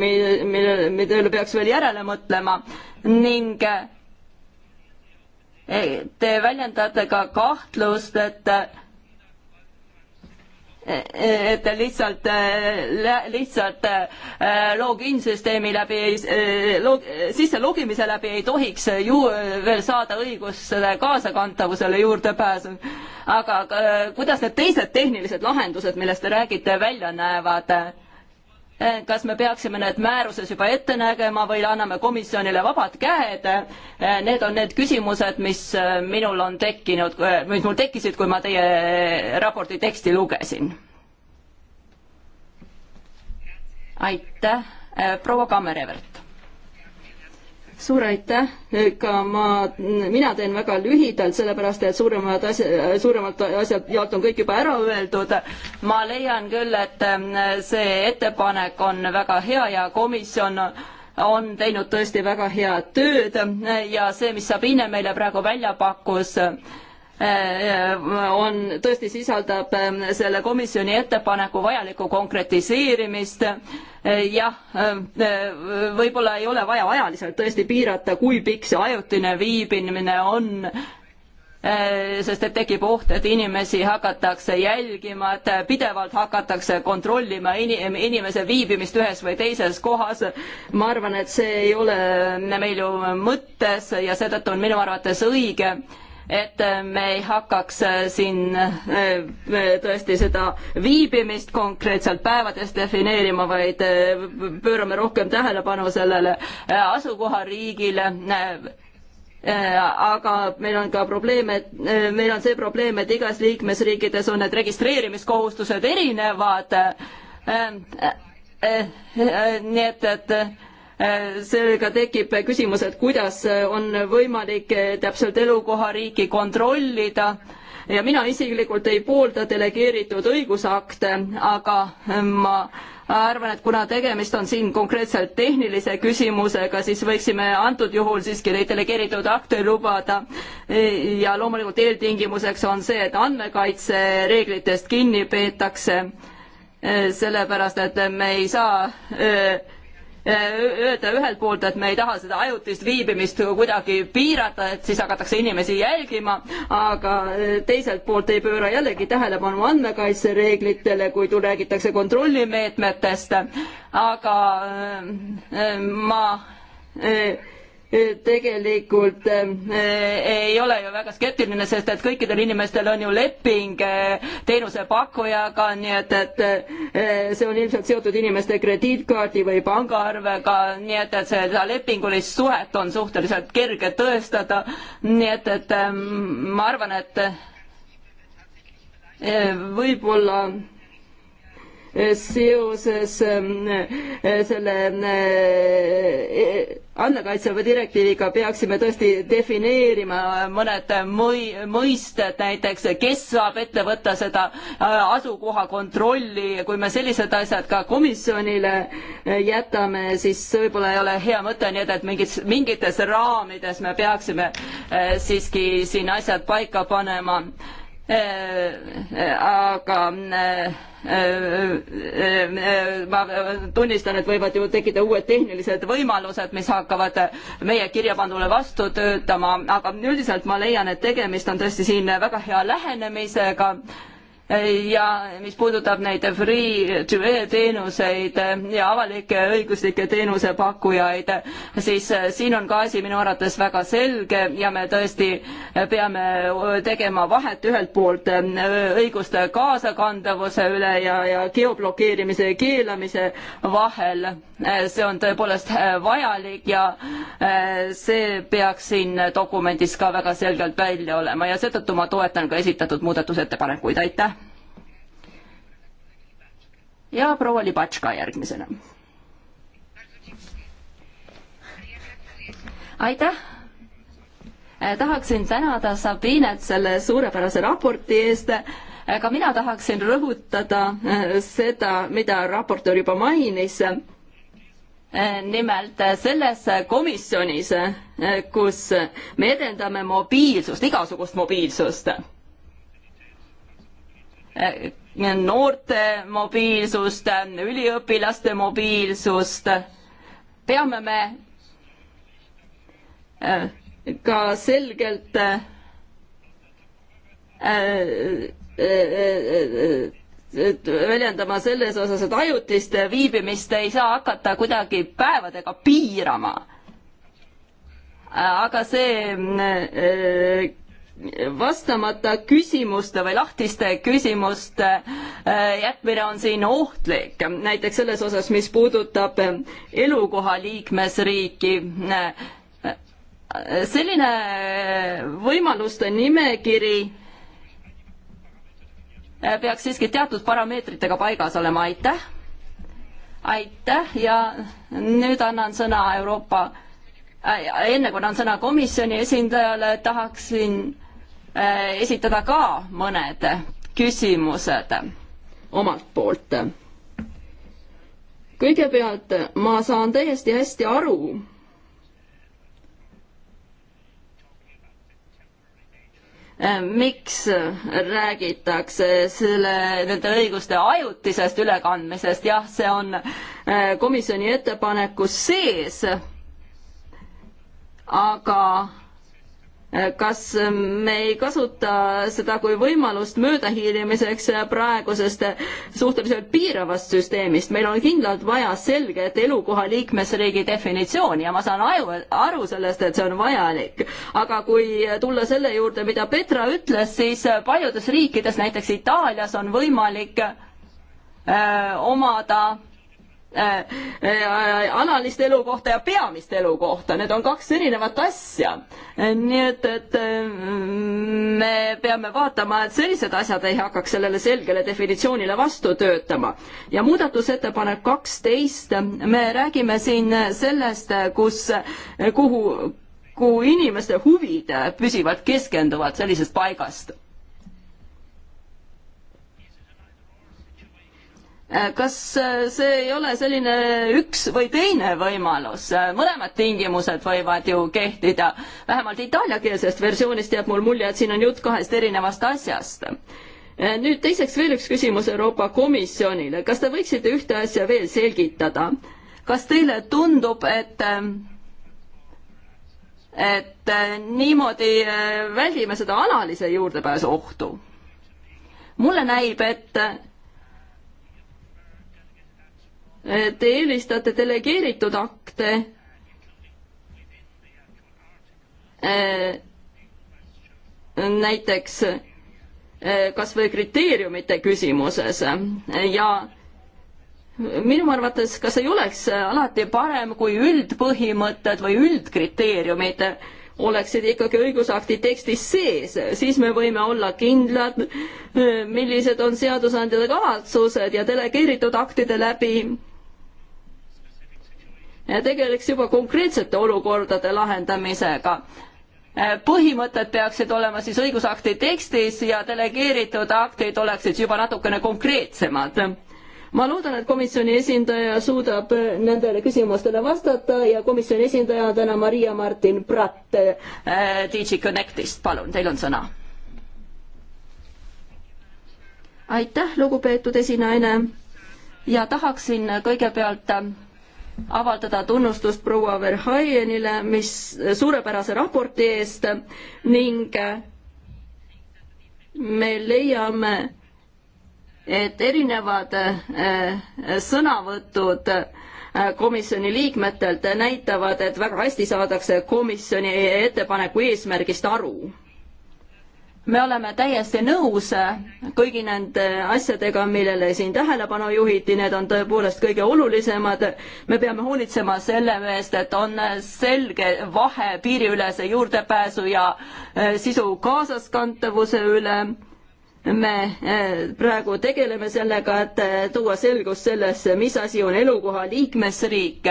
mille, mille, mille üle peaks veel järele mõtlema ning te väljendate ka kahtlust, et et lihtsalt, äh, lihtsalt äh, login-süsteemi läbi, äh, log-, sisse logimise läbi ei tohiks ju veel saada õigust selle kaasakantavusele juurdepääsu. aga kuidas need teised tehnilised lahendused, millest te räägite, välja näevad? kas me peaksime need määruses juba ette nägema või anname komisjonile vabad käed. Need on need küsimused, mis äh, minul on tekkinud, äh, mis mul tekkisid, kui ma teie äh, raporti teksti lugesin. aitäh, proua Kammerevert suur aitäh, ka ma, mina teen väga lühidalt, sellepärast et suuremad asja, suuremad asjad jaolt on kõik juba ära öeldud. ma leian küll, et ähm, see ettepanek on väga hea ja komisjon on teinud tõesti väga head tööd ja see, mis Sabine meile praegu välja pakkus, äh, äh, on, tõesti sisaldab ähm, selle komisjoni ettepaneku vajalikku konkretiseerimist Äh, jah, äh, äh, võib-olla ei ole vaja ajaliselt tõesti piirata, kui pikk see ajutine viibimine on, sest et tekib oht, et inimesi hakatakse jälgima, et pidevalt hakatakse kontrollima in-, inimese viibimist ühes või teises kohas. ma arvan, et see ei ole meil ju mõttes ja seetõttu on minu arvates õige, et me ei hakkaks äh, siin äh, tõesti seda viibimist konkreetselt päevades defineerima, vaid äh, pöörame rohkem tähelepanu sellele asukohariigile aga meil on ka probleem, et meil on see probleem, et igas liikmesriikides on need registreerimiskohustused erinevad. nii et, et sellega tekib küsimus, et kuidas on võimalik täpselt elukohariiki kontrollida ja mina isiklikult ei poolda delegeeritud õigusakte, aga ma arvan, et kuna tegemist on siin konkreetselt tehnilise küsimusega, siis võiksime antud juhul siiski neid delegeeritud akte lubada ja loomulikult eeltingimuseks on see, et andmekaitsereeglitest kinni peetakse, sellepärast et me ei saa öö, öelda ühelt poolt, et me ei taha seda ajutist viibimist kuidagi piirata, et siis hakatakse inimesi jälgima, aga teiselt poolt ei pööra jällegi tähelepanu andmekaitsereeglitele, kui räägitakse kontrollimeetmetest, aga ma tegelikult äh, ei ole ju väga skeptiline, sest et kõikidel inimestel on ju leping äh, teenusepakkujaga, nii et, et äh, see on ilmselt seotud inimeste krediitkaardi või pangaarvega, nii et, et seda lepingulist suhet on suhteliselt kerge tõestada. nii et, et ähm, ma arvan, et võib-olla seoses ähm, äh, selle äh, andmekaitseväe direktiiviga peaksime tõesti defineerima mõned mõi-, mõisted, näiteks kes saab ette võtta seda äh, asukoha kontrolli, kui me sellised asjad ka komisjonile jätame, siis võib-olla ei ole hea mõte, nii et, et mingis, mingites raamides me peaksime siiski siin asjad paika panema Äh, aga äh, äh, ma tunnistan, et võivad ju tekkida uued tehnilised võimalused, mis hakkavad meie kirjapandule vastu töötama, aga üldiselt ma leian, et tegemist on tõesti siin väga hea lähenemisega ja mis puudutab neid free to air teenuseid ja avalike õiguslike teenusepakkujaid, siis äh, siin on ka asi minu arvates väga selge ja me tõesti peame äh, tegema vahet ühelt poolt äh, õiguste kaasakandavuse üle ja, ja geoblokeerimise ja keelamise vahel. see on tõepoolest vajalik ja see peaks siin dokumendis ka väga selgelt välja olema ja seetõttu ma toetan ka esitatud muudatusettepanekuid, aitäh! ja proua Libatška järgmisena. aitäh! Äh, tahaksin tänada Sabinet selle suurepärase raporti eest äh, ka mina tahaksin rõhutada äh, seda, mida raportöör juba mainis. nimelt selles komisjonis, kus me edendame mobiilsust, igasugust mobiilsust noorte mobiilsust, üliõpilaste mobiilsust, peame me äh, ka selgelt äh, äh, väljendama selles osas, et ajutist viibimist ei saa hakata kuidagi päevadega piirama. aga see vastamata küsimuste või lahtiste küsimuste äh, jätmine on siin ohtlik, näiteks selles osas, mis puudutab elukoha liikmesriiki. Äh, selline võimaluste nimekiri äh, peaks siiski teatud parameetritega paigas olema, aitäh. aitäh ja nüüd annan sõna Euroopa enne kui annan sõna komisjoni esindajale, tahaksin Äh, esitada ka mõned küsimused omalt poolt. kõigepealt ma saan täiesti hästi aru, äh, miks räägitakse selle, nende õiguste ajutisest ülekandmisest, jah, see on äh, komisjoni ettepanekus sees, aga kas me ei kasuta seda kui võimalust möödahiilimiseks praegusest suhteliselt piiravast süsteemist, meil on kindlalt vaja selget elukoha liikmesriigi definitsiooni ja ma saan aju, aru sellest, et see on vajalik. aga kui tulla selle juurde, mida Petra ütles, siis paljudes riikides, näiteks Itaalias on võimalik öö, äh, omada Äh, äh, alalist elukohta ja peamist elukohta, need on kaks erinevat asja. nii et, et mm, me peame vaatama, et sellised asjad ei hakkaks sellele selgele definitsioonile vastu töötama. ja muudatusettepanek kaksteist, me räägime siin sellest, kus, kuhu, kuhu inimeste huvid püsivad, keskenduvad sellisest paigast Äh, kas äh, see ei ole selline üks või teine võimalus, äh, mõlemad tingimused võivad ju kehtida, vähemalt itaaliakeelsest versioonist jääb mul mulje, et siin on jutt kahest erinevast asjast. nüüd teiseks veel üks küsimus Euroopa Komisjonile, kas te võiksite ühte asja veel selgitada? kas teile tundub, et et niimoodi väldime seda alalise juurdepääsu ohtu? mulle näib, et Te eelistate delegeeritud akte äh, näiteks äh, kas või kriteeriumite küsimuses ja minu arvates, kas ei oleks alati parem, kui üldpõhimõtted või üldkriteeriumid oleksid ikkagi õigusakti tekstis sees, siis me võime olla kindlad, millised on seadusandjate kavatsused ja delegeeritud aktide läbi tegeleks juba konkreetsete olukordade lahendamisega äh, põhimõtted peaksid olema siis õigusakti tekstis ja delegeeritud aktid oleksid juba natukene konkreetsemad. ma loodan, et komisjoni esindaja suudab äh, nendele küsimustele vastata ja komisjoni esindaja on täna Maria-Martin Pratt äh, DG Connectist, palun, teil on sõna. aitäh, lugupeetud esinaine ja tahaksin kõigepealt äh, avaldada tunnustust proua Verhaienile, mis suurepärase raporti eest ning äh, me leiame, et erinevad äh, sõnavõtud äh, komisjoni liikmetelt näitavad, et väga hästi saadakse komisjoni ettepaneku eesmärgist aru me oleme täiesti nõus kõigi nende asjadega, millele siin tähelepanu juhiti, need on tõepoolest kõige olulisemad. me peame hoolitsema selle eest, et on selge vahe piiriülese juurdepääsu ja äh, sisu kaasaskantavuse üle. me äh, praegu tegeleme sellega, et äh, tuua selgus sellesse, mis asi on elukoha liikmesriik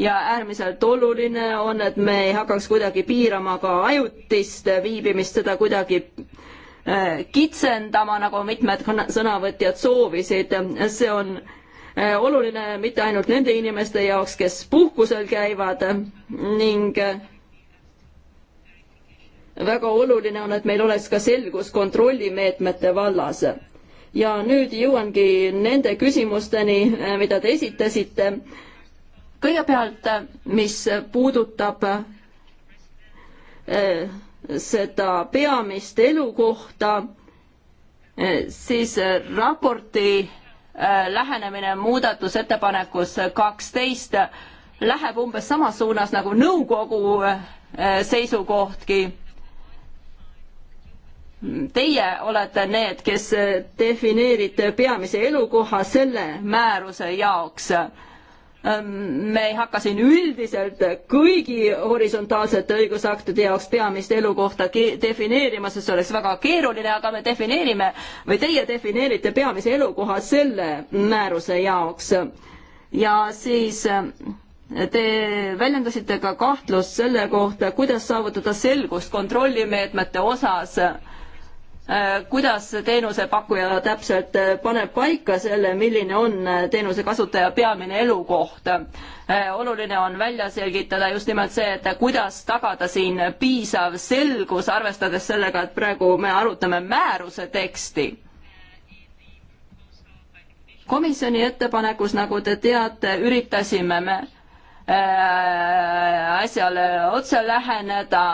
ja äärmiselt oluline on, et me ei hakkaks kuidagi piirama ka ajutist viibimist, seda kuidagi äh, kitsendama, nagu mitmed sõnavõtjad soovisid, see on äh, oluline mitte ainult nende inimeste jaoks, kes puhkusel käivad ning äh, väga oluline on, et meil oleks ka selgus kontrollimeetmete vallas. ja nüüd jõuangi nende küsimusteni, mida te esitasite kõigepealt, mis puudutab eh, seda peamist elukohta, eh, siis raporti eh, lähenemine muudatusettepanekus kaksteist läheb umbes samas suunas nagu nõukogu seisukohtki. Teie olete need, kes defineerite peamise elukoha selle määruse jaoks Ähm, me ei hakka siin üldiselt kõigi horisontaalsete õigusaktide jaoks peamist elukohta defineerima, sest see oleks väga keeruline, aga me defineerime või teie defineerite peamise elukoha selle määruse jaoks. ja siis ähm, te väljendasite ka kahtlust selle kohta, kuidas saavutada selgust kontrollimeetmete osas Äh, kuidas teenusepakkuja täpselt äh, paneb paika selle, milline on äh, teenuse kasutaja peamine elukoht. oluline on välja selgitada just nimelt see, et kuidas tagada siin piisav selgus, arvestades sellega, et praegu me arutame määruse teksti komisjoni ettepanekus, nagu te teate, üritasime me äh, asjale otse läheneda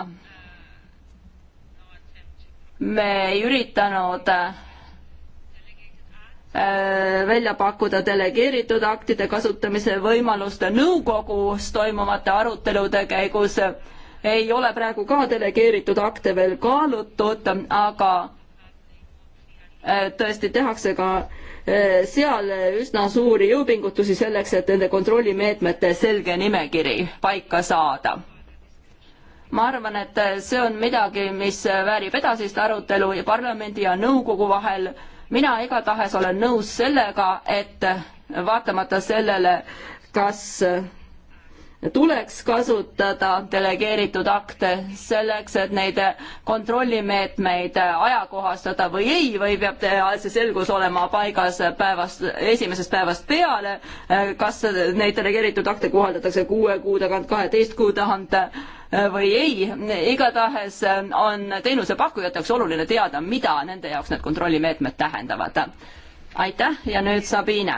me ei üritanud äh, välja pakkuda delegeeritud aktide kasutamise võimalust nõukogus toimuvate arutelude käigus. ei ole praegu ka delegeeritud akte veel kaalutud, aga äh, tõesti tehakse ka äh, seal üsna suuri jõupingutusi selleks, et nende kontrollimeetmete selge nimekiri paika saada ma arvan, et see on midagi, mis väärib edasist arutelu ja parlamendi ja nõukogu vahel. mina igatahes olen nõus sellega, et vaatamata sellele, kas tuleks kasutada delegeeritud akte selleks, et neid kontrollimeetmeid ajakohastada või ei, või peab see selgus olema paigas päevast, esimesest päevast peale, kas neid delegeeritud akte kohaldatakse kuue kuu tagant, kaheteist kuu tagant või ei, igatahes on teenusepakkujateks oluline teada, mida nende jaoks need kontrollimeetmed tähendavad. aitäh ja nüüd Sabine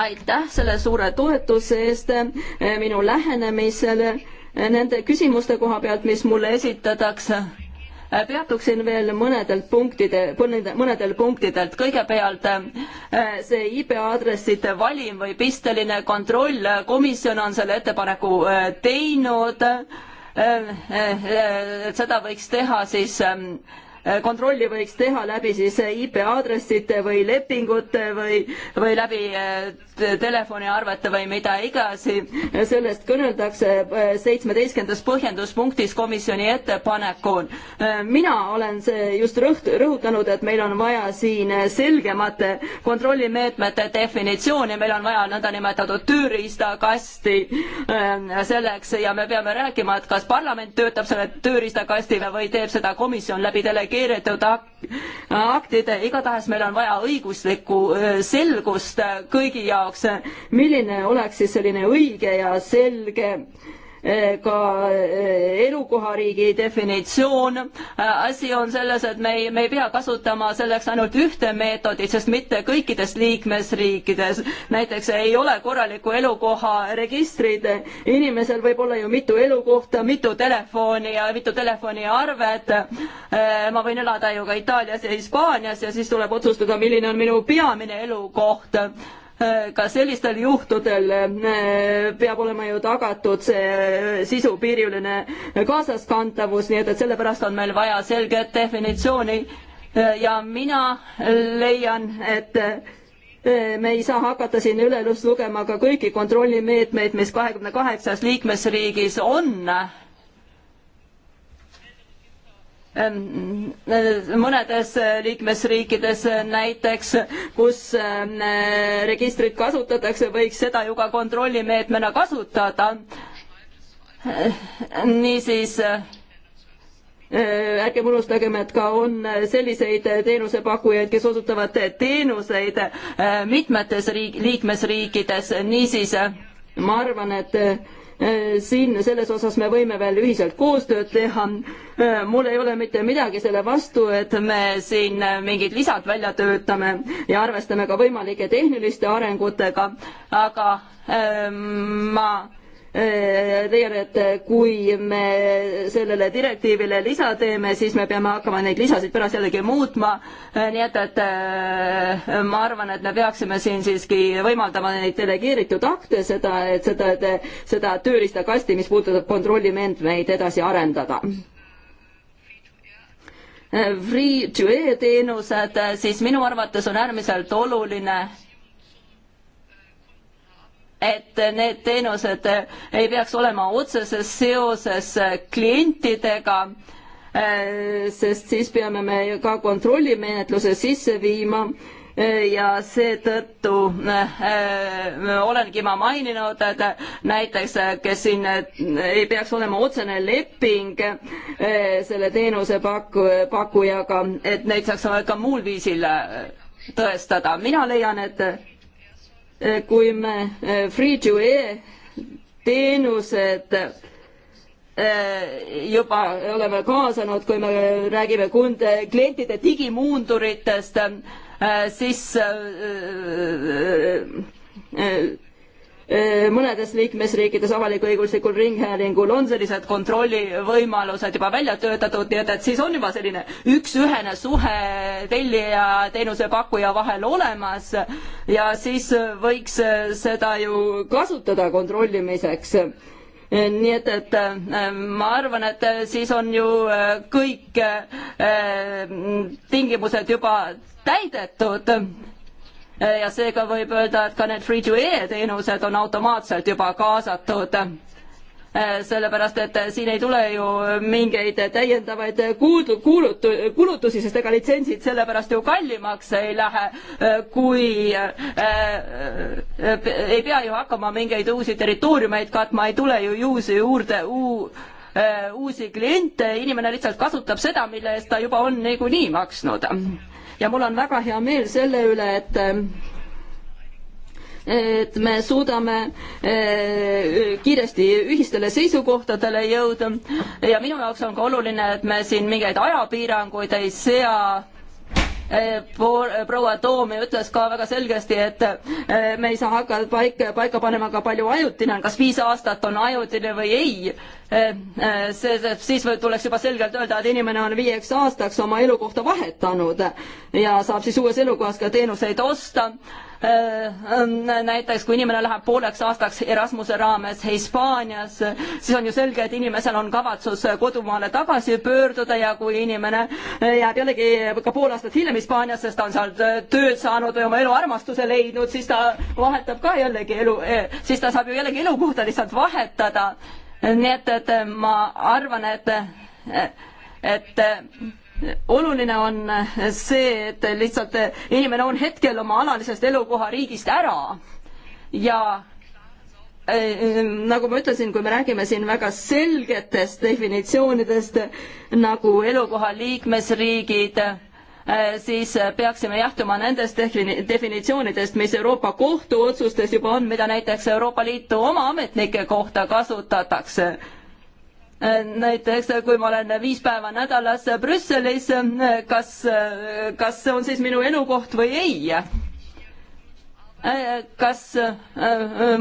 aitäh selle suure toetuse eest eh, minu lähenemisele eh, nende küsimuste koha pealt, mis mulle esitatakse eh, peatuksin veel mõnedel punktide, mõnedel punktidelt. kõigepealt see IP aadresside valim või pisteline kontroll, komisjon on selle ettepaneku teinud, et seda võiks teha siis Äh, kontrolli võiks teha läbi siis äh, IP aadressite või lepingute või, või läbi äh, telefoniarvete või mida iganes. sellest kõneldakse seitsmeteistkümnendas põhjenduspunktis komisjoni ettepanekul. mina olen see just rõht-, rõhutanud, et meil on vaja siin selgemate kontrollimeetmete definitsiooni, meil on vaja nõndanimetatud tööriistakasti selleks ja me peame rääkima, et kas parlament töötab selle tööriistakasti või teeb seda komisjon läbi delegeerimise delegeeritud aktid, igatahes meil on vaja õiguslikku selgust äh, kõigi jaoks, milline oleks siis selline õige ja selge Eh, ka eh, elukohariigi definitsioon. Äh, asi on selles, et me ei, me ei pea kasutama selleks ainult ühte meetodit, sest mitte kõikides liikmesriikides näiteks ei ole korralikku elukoharegistrit. inimesel võib olla ju mitu elukohta, mitu telefoni ja mitu telefoniarvet. Eh, ma võin elada ju ka Itaalias ja Hispaanias ja siis tuleb otsustada, milline on minu peamine elukoht ka sellistel juhtudel äh, peab olema ju tagatud see sisu piiriline kaasaskantavus, nii et, et sellepärast on meil vaja selget definitsiooni äh, ja mina leian, et äh, me ei saa hakata siin üle lugema ka kõiki kontrollimeetmeid, mis kahekümne kaheksas liikmesriigis on Ähm, äh, mõnedes äh, liikmesriikides äh, näiteks, kus ähm, registrit kasutatakse, võiks seda ju ka kontrollimeetmena kasutada. niisiis ärgem unustagem, et ka on selliseid teenusepakkujaid, kes osutavad teenuseid mitmetes riik-, liikmesriikides, niisiis ma arvan, et Äh, siin selles osas me võime veel ühiselt koostööd teha. Äh, mul ei ole mitte midagi selle vastu, et me siin äh, mingid lisad välja töötame ja arvestame ka võimalike tehniliste arengutega, aga ähm, ma Äh, leian, et äh, kui me sellele direktiivile lisa teeme, siis me peame hakkama neid lisasid pärast jällegi muutma, äh, nii et, et ma arvan, et me peaksime siin siiski võimaldama neid delegeeritud akte, seda, et seda, seda tööriistakasti, mis puudutab kontrollimeetmeid, edasi arendada. Free to e teenused, siis minu arvates on äärmiselt oluline et need teenused ei peaks olema otseses seoses klientidega, sest siis peame me ka kontrollimenetluse sisse viima ja seetõttu äh, olengi ma maininud, et näiteks, kes siin äh, ei peaks olema otsene leping äh, selle teenuse pakku, pakkujaga, et neid saaks ka muul viisil tõestada. mina leian, et kui me eh, Free to E teenused eh, juba oleme kaasanud, kui me räägime kunde, klientide digimuunduritest, eh, siis Äh, mõnedes liikmesriikides avalik-õiguslikul ringhäälingul on sellised kontrollivõimalused juba välja töötatud, nii et, et siis on juba selline üks-ühene suhe tellija ja teenusepakkuja vahel olemas ja siis võiks seda ju kasutada kontrollimiseks äh, nii et, et äh, ma arvan, et siis on ju kõik tingimused juba täidetud Äh, ja seega võib öelda, et ka need free-to-air teenused on automaatselt juba kaasatud äh, sellepärast et siin ei tule ju mingeid täiendavaid kuud-, kuulutu-, kulutusi, sest ega litsentsid sellepärast ju kallimaks ei lähe, äh, kui äh, ei pea ju hakkama mingeid uusi territooriumeid katma, ei tule ju juusi juurde uu-, äh, uusi kliente, inimene lihtsalt kasutab seda, mille eest ta juba on niikuinii maksnud ja mul on väga hea meel selle üle, et et me suudame eh, kiiresti ühistele seisukohtadele jõuda ja minu jaoks on ka oluline, et me siin mingeid ajapiiranguid ei sea Eh, proua Toom ütles ka väga selgesti, et eh, me ei saa hakata paika, paika panema ka palju ajutine on, kas viis aastat on ajutine või ei. Eh, see, siis võib, tuleks juba selgelt öelda, et inimene on viieks aastaks oma elukohta vahetanud ja saab siis uues elukohas ka teenuseid osta Äh, äh, näiteks kui inimene läheb pooleks aastaks Erasmuse raames Hispaanias, siis on ju selge, et inimesel on kavatsus kodumaale tagasi pöörduda ja kui inimene jääb jällegi ka pool aastat hiljem Hispaaniasse, sest ta on seal tööd saanud või oma eluarmastuse leidnud, siis ta vahetab ka jällegi elu, e, siis ta saab ju jällegi elukohta lihtsalt vahetada. nii et, et ma arvan, et et oluline on see, et lihtsalt inimene on hetkel oma alalisest elukohariigist ära ja eh, nagu ma ütlesin, kui me räägime siin väga selgetest definitsioonidest nagu elukoha liikmesriigid, eh, siis peaksime jahtuma nendest definitsioonidest, mis Euroopa Kohtu otsustes juba on, mida näiteks Euroopa Liitu oma ametnike kohta kasutatakse näiteks kui ma olen viis päeva nädalas Brüsselis, kas, kas see on siis minu elukoht või ei? kas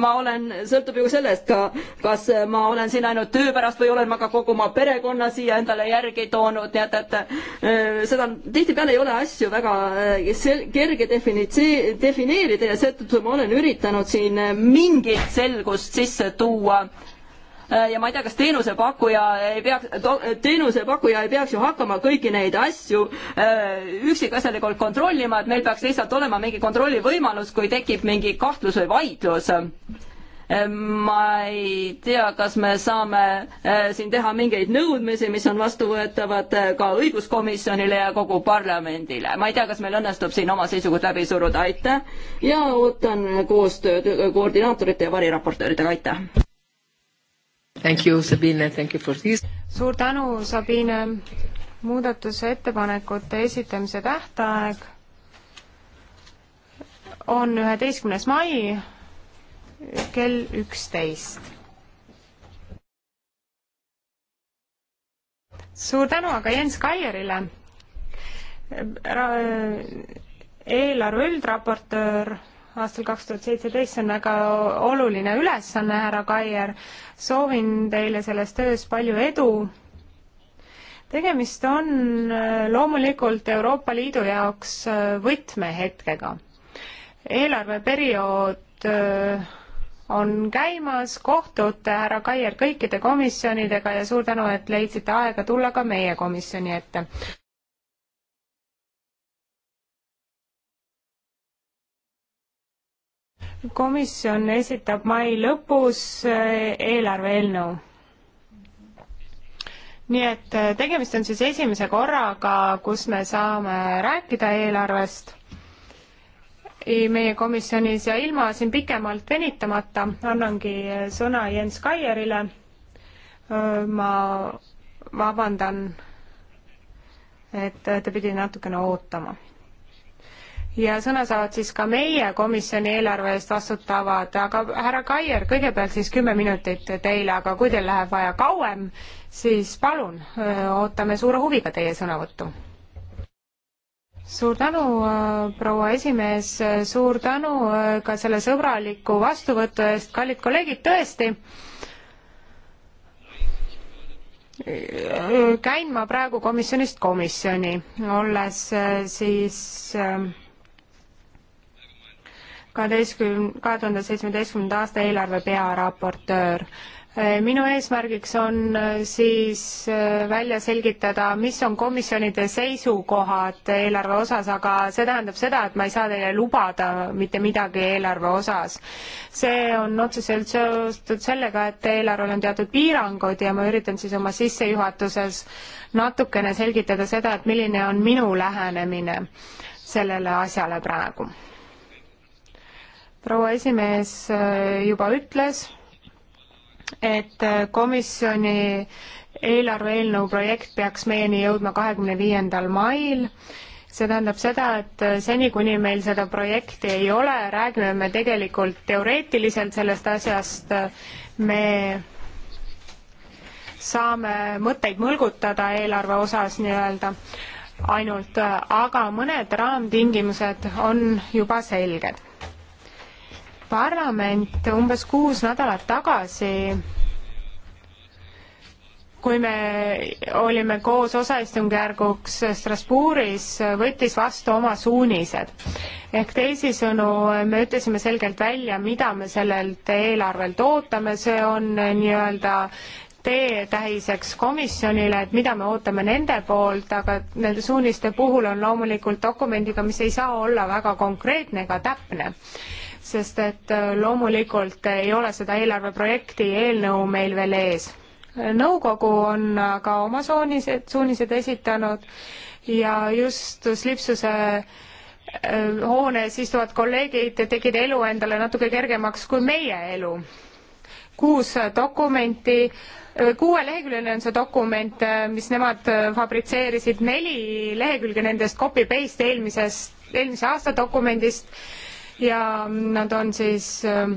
ma olen, sõltub ju sellest ka, kas ma olen siin ainult töö pärast või olen ma ka kogu oma perekonna siia endale järgi toonud, nii et, et eh, seda tihtipeale ei ole asju väga eh, kerge definitsi-, defineerida ja seetõttu ma olen üritanud siin mingit selgust sisse tuua äh, Äh, ja ma ei tea, kas teenusepakkuja ei peaks, teenusepakkuja ei peaks ju hakkama kõiki neid asju äh, üksikasjalikult kontrollima, et meil peaks lihtsalt olema mingi kontrollivõimalus, kui tekib mingi kahtlus või vaidlus äh, ma ei tea, kas me saame siin teha mingeid nõudmisi, mis on vastuvõetavad ka õiguskomisjonile ja kogu parlamendile. ma ei tea, kas meil õnnestub siin oma seisukoht läbi suruda, aitäh ja ootan koostööd koordinaatorite ja variraportööridega, aitäh! Thank you, Sabine, thank you for this. suur tänu, Sabine. muudatusettepanekute esitamise tähtaeg on üheteistkümnes mai kell üksteist. suur tänu aga Jens Kaierile, eelarve üldraportöör aastal kaks tuhat seitseteist, see on väga oluline ülesanne, härra Kaier. soovin teile selles töös palju edu. tegemist on äh, loomulikult Euroopa Liidu jaoks äh, võtmehetkega. eelarveperiood äh, on käimas, kohtute, härra Kaier, kõikide komisjonidega ja suur tänu, et leidsite aega tulla ka meie komisjoni ette komisjon esitab mai lõpus eh, eelarve eelnõu. nii et eh, tegemist on siis esimese korraga, kus me saame rääkida eelarvest meie komisjonis ja ilma siin pikemalt venitamata annangi eh, sõna Jens Kaierile. ma vabandan, et ta pidi natukene ootama ja sõna saavad siis ka meie komisjoni eelarve eest vastutavad, aga härra Kaier, kõigepealt siis kümme minutit teile, aga kui teil läheb vaja kauem, siis palun, ootame suure huviga teie sõnavõttu. suur tänu, proua esimees, suur tänu ka selle sõbraliku vastuvõtu eest, kallid kolleegid, tõesti, käin ma praegu komisjonist komisjoni, olles siis äh, kaheteistkümne, kahe tuhande seitsmeteistkümnenda aasta eelarve pearaportöör. Eh, minu eesmärgiks on eh, siis eh, välja selgitada, mis on komisjonide seisukohad eelarve osas, aga see tähendab seda, et ma ei saa teile lubada mitte midagi eelarve osas. see on otseselt seostatud sellega, et eelarvel on teatud piirangud ja ma üritan siis oma sissejuhatuses natukene selgitada seda, et milline on minu lähenemine sellele asjale praegu proua esimees äh, juba ütles, et äh, komisjoni eelarve eelnõu projekt peaks meieni jõudma kahekümne viiendal mail. see tähendab seda, et äh, seni, kuni meil seda projekti ei ole, räägime me tegelikult teoreetiliselt sellest asjast, me saame mõtteid mõlgutada eelarve osas nii-öelda ainult, aga mõned raamtingimused on juba selged parlament umbes kuus nädalat tagasi kui me olime koos osaistungjärguks Strasbourgis, võttis vastu oma suunised. ehk teisisõnu, me ütlesime selgelt välja, mida me sellelt eelarvelt ootame, see on nii-öelda teetähiseks komisjonile, et mida me ootame nende poolt, aga nende suuniste puhul on loomulikult dokumendiga, mis ei saa olla väga konkreetne ega täpne sest et äh, loomulikult ei ole seda eelarveprojekti eelnõu meil veel ees. nõukogu on aga oma soonised, suunised esitanud ja just Slipsuse äh, hoones istuvad kolleegid tegid elu endale natuke kergemaks kui meie elu. kuus dokumenti, äh, kuueleheküljeline on see dokument, mis nemad fabritseerisid, neli lehekülge nendest copy-paste eelmisest, eelmise aasta dokumendist ja nad on siis ähm,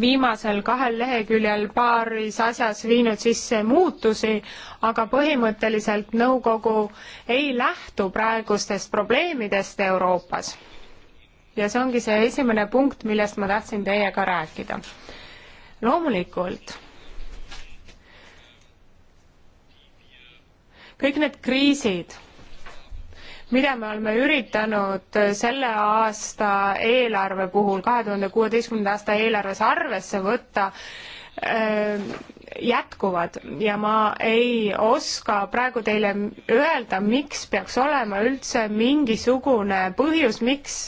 viimasel kahel leheküljel paaris asjas viinud sisse muutusi, aga põhimõtteliselt nõukogu ei lähtu praegustest probleemidest Euroopas. ja see ongi see esimene punkt, millest ma tahtsin teiega rääkida. loomulikult kõik need kriisid mida me oleme üritanud selle aasta eelarve puhul, kahe tuhande kuueteistkümnenda aasta eelarves arvesse võtta, jätkuvad ja ma ei oska praegu teile öelda, miks peaks olema üldse mingisugune põhjus, miks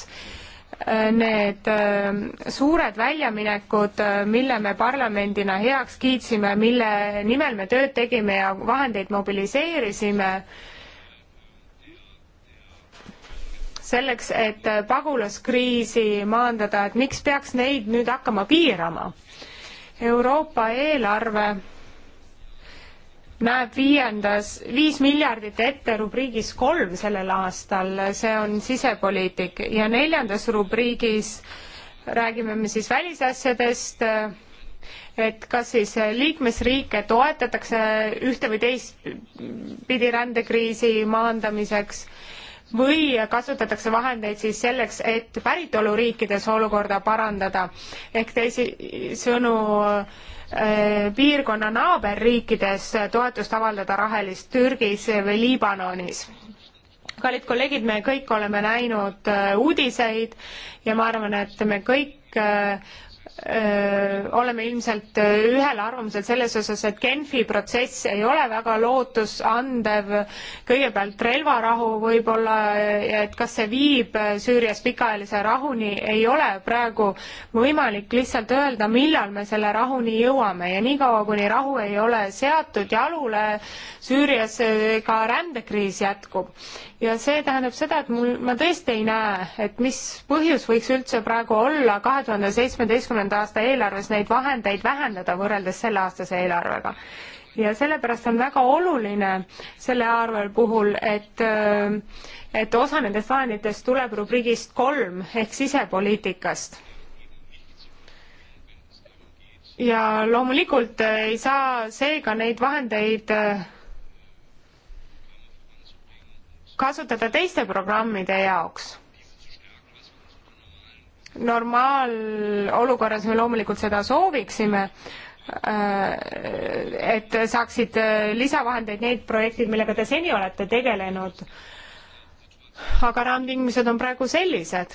need suured väljaminekud, mille me parlamendina heaks kiitsime, mille nimel me tööd tegime ja vahendeid mobiliseerisime, selleks, et pagulaskriisi maandada, et miks peaks neid nüüd hakkama piirama? Euroopa eelarve näeb viiendas, viis miljardit ette rubriigis kolm sellel aastal, see on sisepoliitik ja neljandas rubriigis räägime me siis välisasjadest, et kas siis liikmesriike toetatakse ühte või teist pidi rändekriisi maandamiseks või kasutatakse vahendeid siis selleks, et päritoluriikides olukorda parandada ehk teisisõnu äh, piirkonna naaberriikides toetust avaldada rahelist Türgis või Liibanonis. kallid kolleegid, me kõik oleme näinud äh, uudiseid ja ma arvan, et me kõik äh, öö, oleme ilmselt ühel arvamusel selles osas, et Genfi protsess ei ole väga lootusandev, kõigepealt relvarahu võib-olla, et kas see viib Süürias pikaajalise rahuni, ei ole praegu võimalik lihtsalt öelda, millal me selle rahuni jõuame ja niikaua, kuni rahu ei ole seatud jalule, Süürias äh, ka rändekriis jätkub. ja see tähendab seda, et mul, ma tõesti ei näe, et mis põhjus võiks üldse praegu olla kahe tuhande seitsmeteistkümnenda kuueteistkümnenda aasta eelarves neid vahendeid vähendada võrreldes selleaastase eelarvega. ja sellepärast on väga oluline selle arvel puhul, et, äh, et osa nendest vahenditest tuleb rubriigist kolm ehk sisepoliitikast ja loomulikult äh, ei saa seega neid vahendeid äh, kasutada teiste programmide jaoks normaalolukorras me loomulikult seda sooviksime, äh, et saaksid äh, lisavahendeid need projektid, millega te seni olete tegelenud. aga raamtingimused on praegu sellised.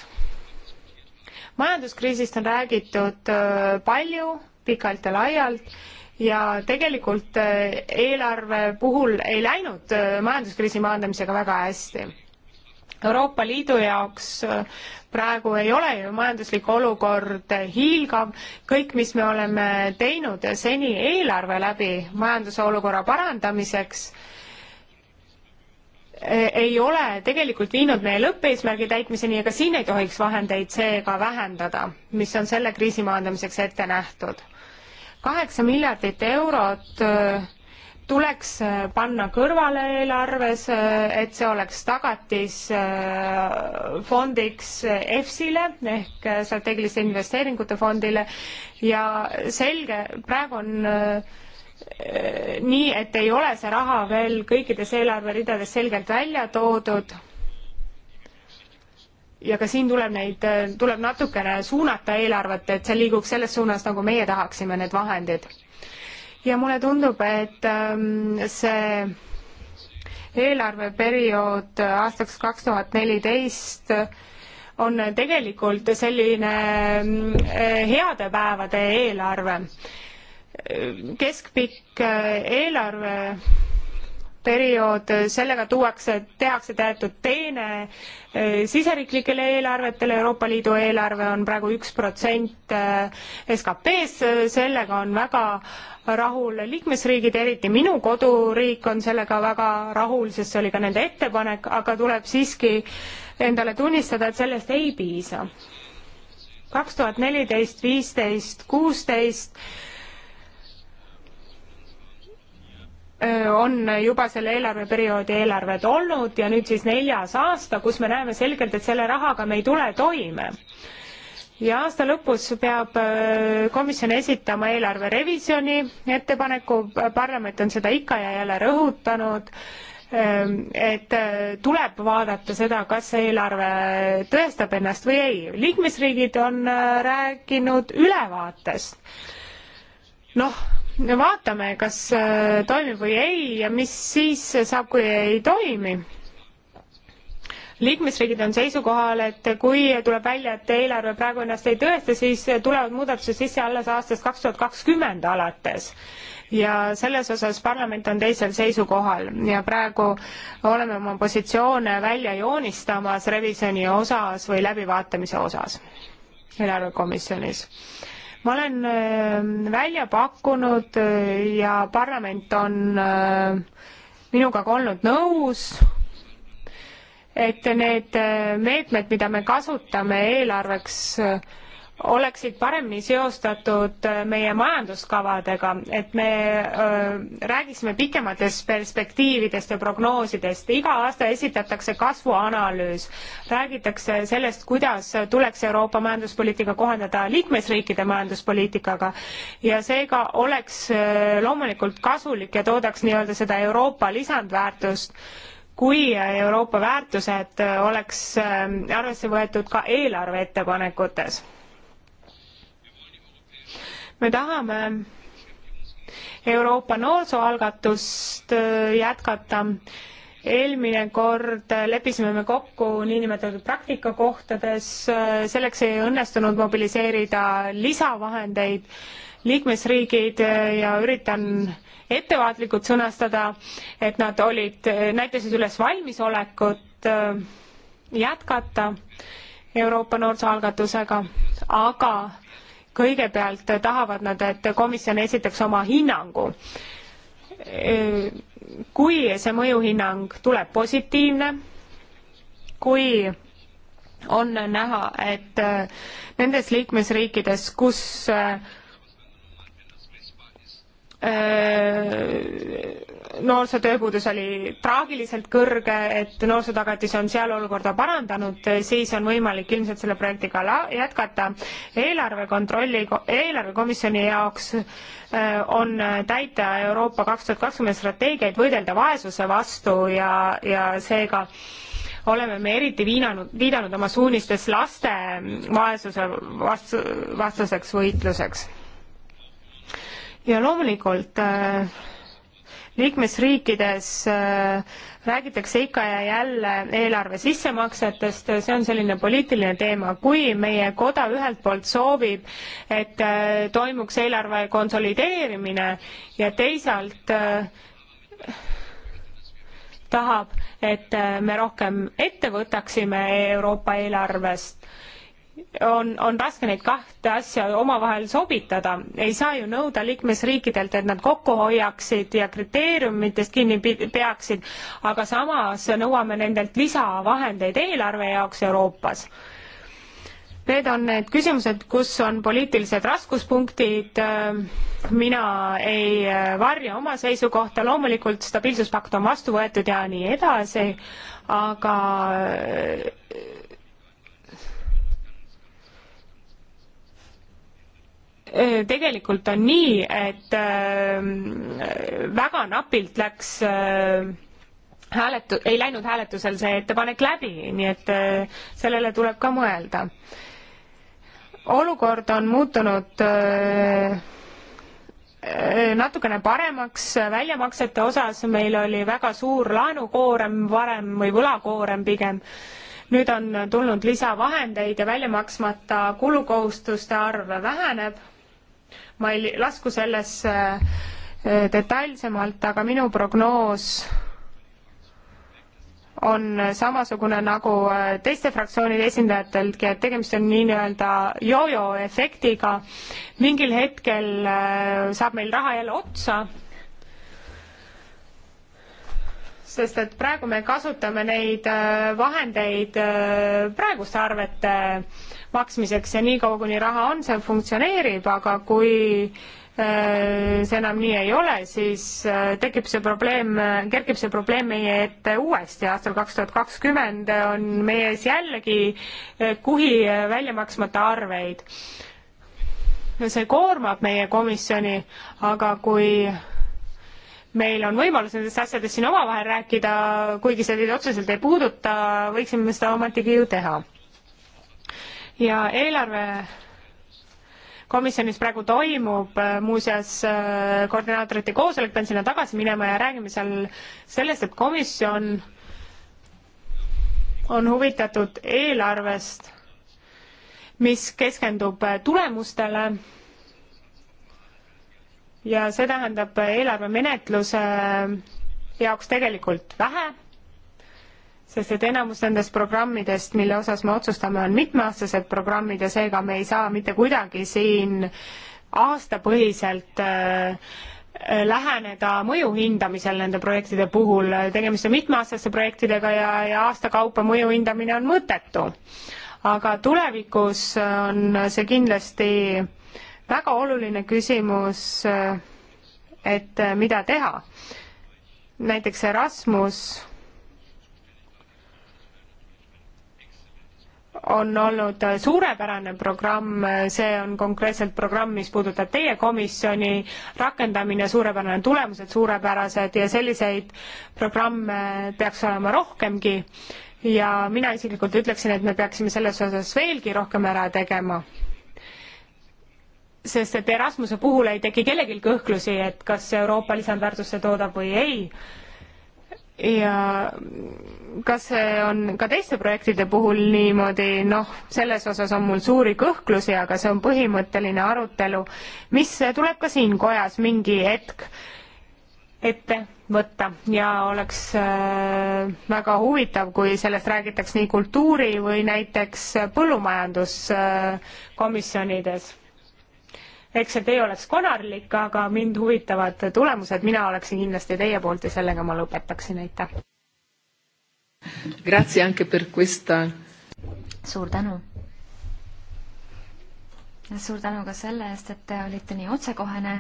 majanduskriisist on räägitud äh, palju, pikalt ja laialt ja tegelikult eelarve puhul ei läinud majanduskriisi maandamisega väga hästi Euroopa Liidu jaoks äh, praegu ei ole ju majanduslik olukord äh, hiilgav, kõik, mis me oleme teinud äh, seni eelarve läbi majanduse olukorra parandamiseks, ei ole tegelikult viinud meie lõppeesmärgi täitmiseni ja ka siin ei tohiks vahendeid seega vähendada, mis on selle kriisi maandamiseks ette nähtud. kaheksa miljardit eurot tuleks äh, panna kõrvale eelarves, äh, et see oleks tagatis äh, fondiks EFSile ehk strateegiliste investeeringute fondile ja selge, praegu on nii, et ei ole see raha veel kõikides eelarveridades selgelt välja toodud ja ka siin tuleb neid, tuleb natukene suunata eelarvet, et see liiguks selles suunas, nagu meie tahaksime, need vahendid ja mulle tundub, et ähm, see eelarveperiood aastaks kaks tuhat neliteist on tegelikult selline äh, heade päevade eelarve. keskpikk äh, eelarve periood, sellega tuuakse, tehakse teatud teene eh, siseriiklikele eelarvetele, Euroopa Liidu eelarve on praegu üks protsent eh, SKP-s, sellega on väga rahul liikmesriigid, eriti minu koduriik on sellega väga rahul, sest see oli ka nende ettepanek, aga tuleb siiski endale tunnistada, et sellest ei piisa. kaks tuhat neliteist, viisteist, kuusteist on juba selle eelarveperioodi eelarved olnud ja nüüd siis neljas aasta, kus me näeme selgelt, et selle rahaga me ei tule toime. ja aasta lõpus peab komisjon esitama eelarve revisjoni ettepaneku, parlament on seda ikka ja jälle rõhutanud, et tuleb vaadata seda, kas see eelarve tõestab ennast või ei. liikmesriigid on rääkinud ülevaatest. noh vaatame, kas äh, toimib või ei ja mis siis saab, kui ei toimi. liikmesriigid on seisukohal, et kui tuleb välja, et eelarve praegu ennast ei tõesta, siis tulevad muudatused sisse alles aastast kaks tuhat kakskümmend alates ja selles osas parlament on teisel seisukohal ja praegu oleme oma positsioone välja joonistamas revisjoni osas või läbivaatamise osas eelarvekomisjonis ma olen ähm, välja pakkunud äh, ja parlament on äh, minuga ka olnud nõus, et need äh, meetmed, mida me kasutame eelarveks, oleksid paremini seostatud äh, meie majanduskavadega, et me öö, äh, räägiksime pikemates perspektiividest ja prognoosidest. iga aasta esitatakse kasvuanalüüs, räägitakse sellest, kuidas tuleks Euroopa majanduspoliitika kohandada liikmesriikide majanduspoliitikaga ja seega oleks öö, äh, loomulikult kasulik ja toodaks nii-öelda seda Euroopa lisandväärtust kui Euroopa väärtused oleks arvesse võetud ka eelarve ettepanekutes me tahame Euroopa noorsooalgatust äh, jätkata. eelmine kord leppisime me kokku niinimetatud praktikakohtades, äh, selleks ei õnnestunud mobiliseerida lisavahendeid liikmesriigid äh, ja üritan ettevaatlikult sõnastada, et nad olid, näitasid üles valmisolekut jätkata Euroopa noorsoalgatusega, aga kõigepealt tahavad nad, et komisjon esitaks oma hinnangu. kui see mõjuhinnang tuleb positiivne, kui on näha, et nendes liikmesriikides, kus öö, äh, noorsootööpuudus oli traagiliselt kõrge, et noorsootagatis on seal olukorda parandanud, siis on võimalik ilmselt selle projektiga jätkata. eelarve kontrolli, eelarvekomisjoni jaoks äh, on täita Euroopa kaks tuhat kakskümmend strateegiaid võidelda vaesuse vastu ja, ja seega oleme me eriti viinanud, viidanud oma suunistes laste vaesuse vastu, vastaseks võitluseks ja loomulikult äh, liikmesriikides äh, räägitakse ikka ja jälle eelarve sissemaksetest, see on selline poliitiline teema. kui meie koda ühelt poolt soovib, et äh, toimuks eelarve konsolideerimine ja teisalt äh, tahab, et me rohkem ette võtaksime Euroopa eelarvest, on, on raske neid kahte asja omavahel sobitada, ei saa ju nõuda liikmesriikidelt, et nad kokku hoiaksid ja kriteeriumitest kinni peaksid, aga samas nõuame nendelt lisavahendeid eelarve jaoks Euroopas. Need on need küsimused, kus on poliitilised raskuspunktid, mina ei varja oma seisukohta, loomulikult stabiilsuspakt on vastu võetud ja nii edasi, aga Äh, tegelikult on nii, et äh, väga napilt läks äh, hääletu-, ei läinud hääletusel see ettepanek läbi, nii et sellele tuleb ka mõelda. olukord on muutunud natukene paremaks väljamaksete osas, meil oli väga suur laenukoorem varem või võlakoorem pigem, nüüd on tulnud lisavahendeid ja väljamaksmata kulukohustuste arv väheneb ma ei lasku sellesse äh, detailsemalt, aga minu prognoos on samasugune nagu äh, teiste fraktsioonide esindajateltki, et tegemist on nii-öelda jojo efektiga. mingil hetkel äh, saab meil raha jälle otsa. sest et praegu me kasutame neid vahendeid praeguste arvete maksmiseks ja niikaua, kuni raha on, see funktsioneerib, aga kui äh, see enam nii ei ole, siis äh, tekib see probleem, kerkib see probleem meie ette uuesti. aastal kaks tuhat kakskümmend on meie ees jällegi äh, kuhi välja maksmata arveid. see koormab meie komisjoni, aga kui meil on võimalus nendest asjadest siin omavahel rääkida, kuigi see teid otseselt ei puuduta, võiksime seda ometigi ju teha ja eelarve komisjonis praegu toimub äh, muuseas äh, koordinaatorite koosolek, pean sinna tagasi minema ja räägime seal sellest, et komisjon on huvitatud eelarvest, mis keskendub äh, tulemustele ja see tähendab eelarvemenetluse jaoks tegelikult vähe sest et enamus nendest programmidest, mille osas me otsustame, on mitmeaastased programmid ja seega me ei saa mitte kuidagi siin aastapõhiselt äh, äh, läheneda mõju hindamisel nende projektide puhul, tegemist on mitmeaastaste projektidega ja, ja aasta kaupa mõju hindamine on mõttetu. aga tulevikus on see kindlasti väga oluline küsimus, äh, et äh, mida teha. näiteks Erasmus on olnud suurepärane programm, see on konkreetselt programm, mis puudutab teie komisjoni, rakendamine suurepärane, tulemused suurepärased ja selliseid programme peaks olema rohkemgi. ja mina isiklikult ütleksin, et me peaksime selles osas veelgi rohkem ära tegema. sest et Erasmuse puhul ei teki kellelgi kõhklusi, et kas Euroopa lisandväärtust see toodab või ei ja kas see on ka teiste projektide puhul niimoodi, noh, selles osas on mul suuri kõhklusi, aga see on põhimõtteline arutelu, mis tuleb ka siin kojas mingi hetk ette võtta ja oleks äh, väga huvitav, kui sellest räägitaks nii kultuuri või näiteks põllumajanduskomisjonides eks see tee oleks konarlik, aga mind huvitavad tulemused, mina oleksin kindlasti teie poolt ja sellega ma lõpetaksin, aitäh. Grazie anche per questa. suur tänu. suur tänu ka selle eest, et te olite nii otsekohene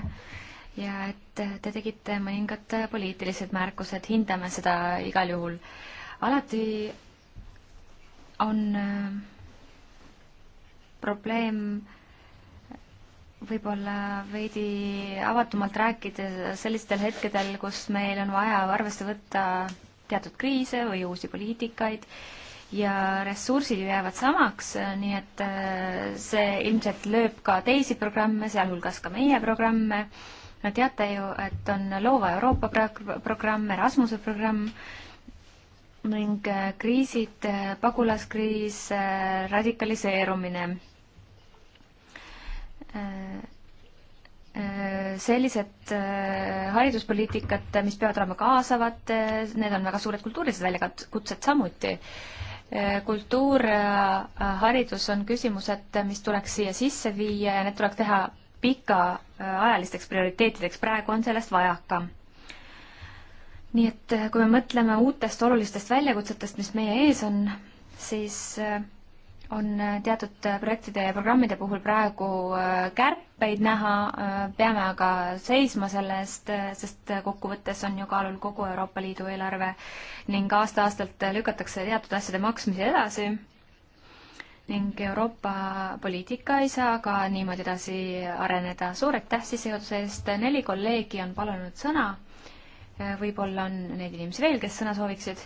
ja et te tegite mõningad poliitilised märkused, hindame seda igal juhul. alati on äh, probleem äh, võib-olla veidi avatumalt rääkida sellistel hetkedel, kus meil on vaja arvesse võtta teatud kriise või uusi poliitikaid ja ressursid ju jäävad samaks, nii et äh, see ilmselt lööb ka teisi programme, sealhulgas ka meie programme. no teate ju, et on Loova Euroopa programm, Erasmuse programm ning äh, kriisid, äh, pagulaskriis, radikaliseerumine Äh, äh, sellised äh, hariduspoliitikat, mis peavad olema kaasavad, need on väga suured kultuurilised väljakutsed samuti. kultuur, haridus on küsimused, mis tuleks siia sisse viia ja need tuleks teha pikaajalisteks prioriteetideks, praegu on sellest vajaka nii et kui me mõtleme uutest olulistest väljakutsetest, mis meie ees on, siis on äh, teatud äh, projektide ja programmide puhul praegu äh, kärpeid näha, peame aga seisma selle eest, sest kokkuvõttes on ju kaalul kogu Euroopa Liidu eelarve ning aasta-aastalt lükatakse teatud asjade maksmisi edasi ning Euroopa poliitika ei saa ka niimoodi edasi areneda. suur aitäh sissejuhatuse eest, neli kolleegi on palunud sõna, võib-olla on neid inimesi veel, kes sõna sooviksid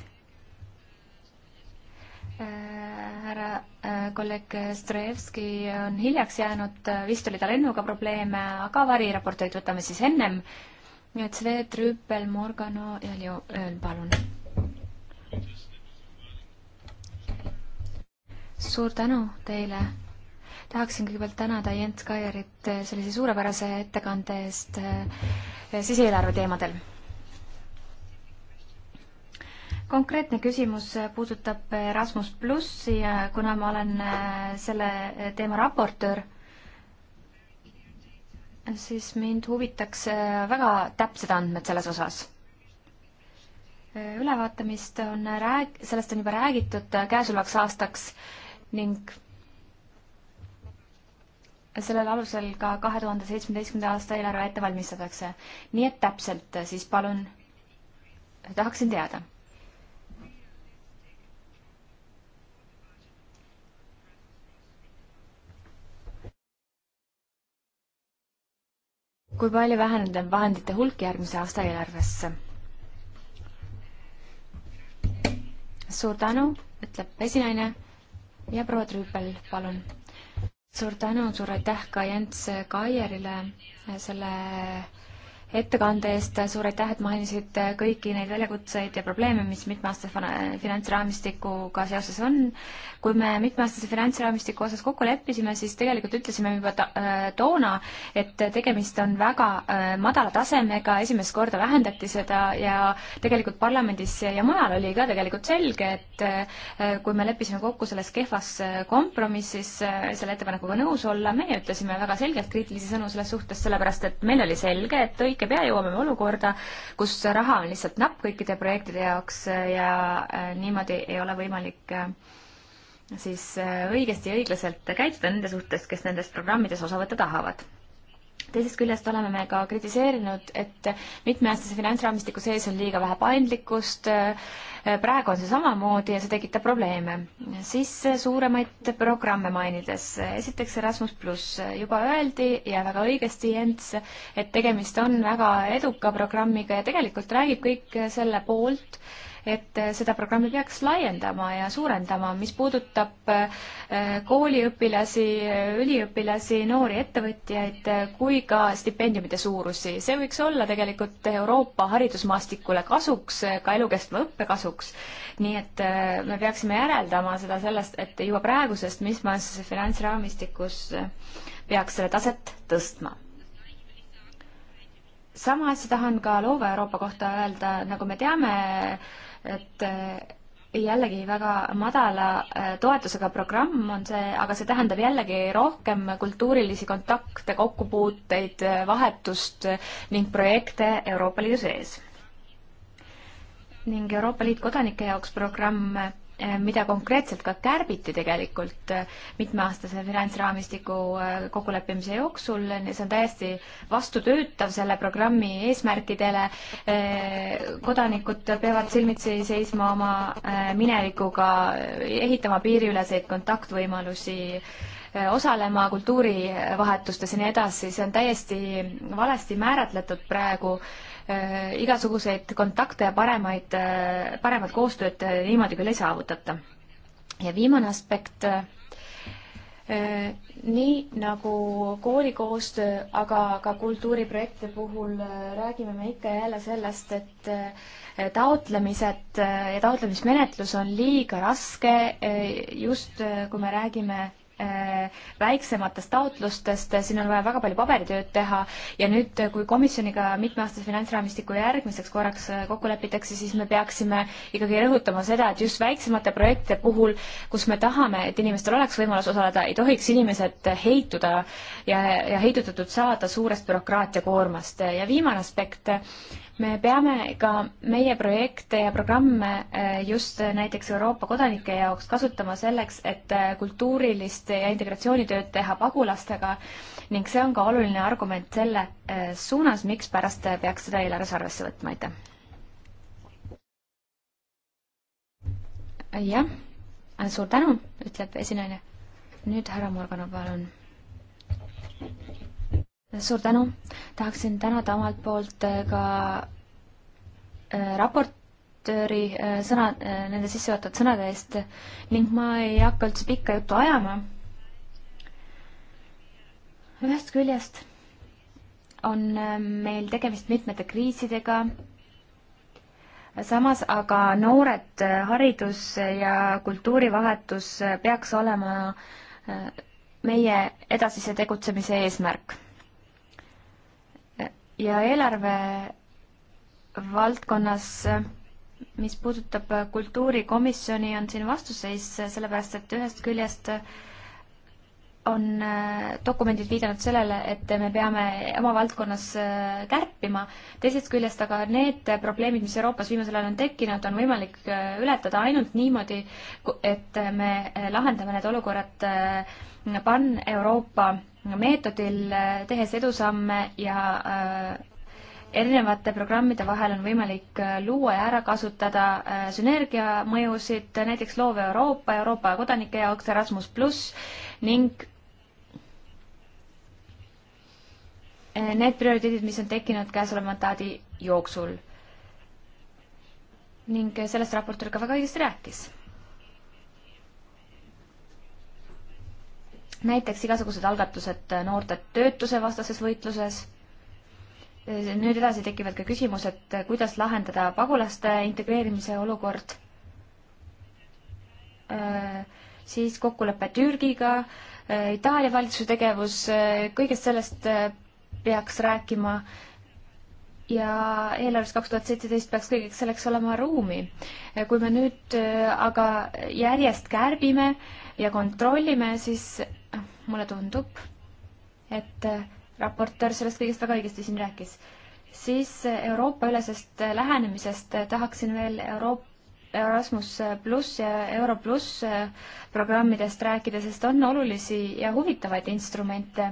härra äh, kolleeg Strojevski on hiljaks jäänud, äh, vist oli tal lennuga probleeme, aga variraporteid võtame siis ennem. nii et Svet, Rüüpel, Morgano ja Leo, palun. suur tänu teile. tahaksin kõigepealt tänada Jens Kairit äh, sellise suurepärase ettekande eest siseeelarve teemadel konkreetne küsimus puudutab Erasmus plussi ja kuna ma olen äh, selle äh, teema raportöör, siis mind huvitaks äh, väga täpsed andmed selles osas. ülevaatamist on rääg-, sellest on juba räägitud käesolevaks aastaks ning sellel alusel ka kahe tuhande seitsmeteistkümnenda aasta eelarve ette valmistatakse. nii et täpselt siis palun tahaksin teada kui palju vähenenud on vahendite hulk järgmise aasta eelarvesse? suur tänu, ütleb esinaine ja proua Trüüpel, palun. suur tänu, suur aitäh ka Jens Kaierile selle ettekande eest, suur aitäh, et mainisid kõiki neid väljakutseid ja probleeme, mis mitmeaastase finantsraamistikuga seoses on. kui me mitmeaastase finantsraamistiku osas kokku leppisime, siis tegelikult ütlesime juba ta, äh, toona, et tegemist on väga äh, madala tasemega, esimest korda vähendati seda ja tegelikult parlamendis ja mujal oli ka tegelikult selge, et äh, kui me leppisime kokku selles kehvas kompromissis selle ettepanekuga nõus olla, meie ütlesime väga selgelt kriitilisi sõnu selles suhtes, sellepärast et meil oli selge, et õige tekib ja jõuame olukorda, kus raha on lihtsalt napp kõikide projektide jaoks äh, ja äh, niimoodi ei ole võimalik äh, siis õigesti ja õiglaselt käituda nende suhtes, kes nendest programmidest osa võtta tahavad teisest küljest oleme me ka kritiseerinud, et mitmeaastase finantsraamistiku sees on liiga vähe paindlikkust, praegu on see samamoodi ja see tekitab probleeme. siis suuremaid programme mainides, esiteks Erasmus pluss, juba öeldi ja väga õigesti, Jens, et tegemist on väga eduka programmiga ja tegelikult räägib kõik selle poolt, et äh, seda programmi peaks laiendama ja suurendama, mis puudutab äh, kooliõpilasi, üliõpilasi, noori ettevõtjaid äh, kui ka stipendiumide suurusi. see võiks olla tegelikult Euroopa haridusmaastikule kasuks, ka elukestva õppe kasuks. nii et me peaksime järeldama seda sellest, et juba praegusest, mis ma siis finantsraamistikus peaks selle taset tõstma sama asja tahan ka loova Euroopa kohta öelda, nagu me teame, et äh, jällegi väga madala äh, toetusega programm on see, aga see tähendab jällegi rohkem kultuurilisi kontakte, kokkupuuteid, äh, vahetust ning projekte Euroopa Liidu sees. ning Euroopa Liit kodanike jaoks programm Äh, mida konkreetselt ka kärbiti tegelikult äh, mitmeaastase finantsraamistiku äh, kokkuleppimise jooksul, see on täiesti vastutöötav selle programmi eesmärkidele. kodanikud peavad silmitsi seisma oma minevikuga, ehitama piiriüleseid kontaktvõimalusi osalema kultuurivahetustes ja nii edasi, see on täiesti valesti määratletud praegu Äh, igasuguseid kontakte ja paremaid, äh, paremat koostööd äh, niimoodi küll ei saavutata. ja viimane aspekt, nii nagu koolikoostöö, aga ka kultuuriprojektide puhul räägime me ikka ja jälle sellest, et taotlemised ja taotlemismenetlus on liiga raske, just kui me räägime Äh, väiksematest taotlustest, siin on vaja väga palju paberitööd teha ja nüüd, kui komisjoniga mitmeaastase finantsraamistiku järgmiseks korraks äh, kokku lepitakse, siis me peaksime ikkagi rõhutama seda, et just väiksemate projektide puhul, kus me tahame, et inimestel oleks võimalus osaleda, ei tohiks inimesed heituda ja, ja heidutatud saada suurest bürokraatia koormast. ja viimane aspekt, me peame ka meie projekte ja programme äh, just näiteks Euroopa kodanike jaoks kasutama selleks, et äh, kultuurilist ja integratsioonitööd teha pagulastega ning see on ka oluline argument selle äh, suunas, mikspärast peaks seda eelarves arvesse võtma, aitäh. jah, suur tänu, ütleb esinaine. nüüd härra Morganov, palun suur tänu, tahaksin tänada omalt poolt äh, ka äh, raportööri äh, sõna, nende sissejuhatud sõnade eest ning ma ei hakka üldse pikka juttu ajama. ühest küljest on meil tegemist mitmete kriisidega, samas aga noored haridus- ja kultuurivahetus peaks olema meie edasise tegutsemise eesmärk ja eelarve valdkonnas, mis puudutab kultuurikomisjoni, on siin vastuseis, sellepärast et ühest küljest on äh, dokumendid viidanud sellele, et me peame oma valdkonnas äh, kärpima, teisest küljest aga need probleemid, mis Euroopas viimasel ajal on tekkinud, on võimalik äh, ületada ainult niimoodi, et me lahendame need olukorrad pan-Euroopa meetodil, tehes edusamme ja äh, erinevate programmide vahel on võimalik äh, luua ja ära kasutada äh, sünergiamõjusid, näiteks loov Euroopa, Euroopa kodanike jaoks Erasmus pluss ning need prioriteedid, mis on tekkinud käesoleva mandaadi jooksul. ning sellest raport oli ka väga õigesti rääkis näiteks igasugused algatused noorte töötuse vastases võitluses. nüüd edasi tekivad ka küsimused, kuidas lahendada pagulaste integreerimise olukord. Äh, siis kokkulepe Türgiga, äh, Itaalia valitsuse tegevus, äh, kõigest sellest peaks rääkima ja eelarves kaks tuhat seitseteist peaks kõigeks selleks olema ruumi. kui me nüüd aga järjest kärbime, ja kontrollime, siis ah, mulle tundub, et äh, raportöör sellest kõigest väga õigesti siin rääkis. siis äh, Euroopa-ülesest äh, lähenemisest tahaksin veel Euroopa Erasmus pluss ja Euro pluss programmidest rääkida, sest on olulisi ja huvitavaid instrumente.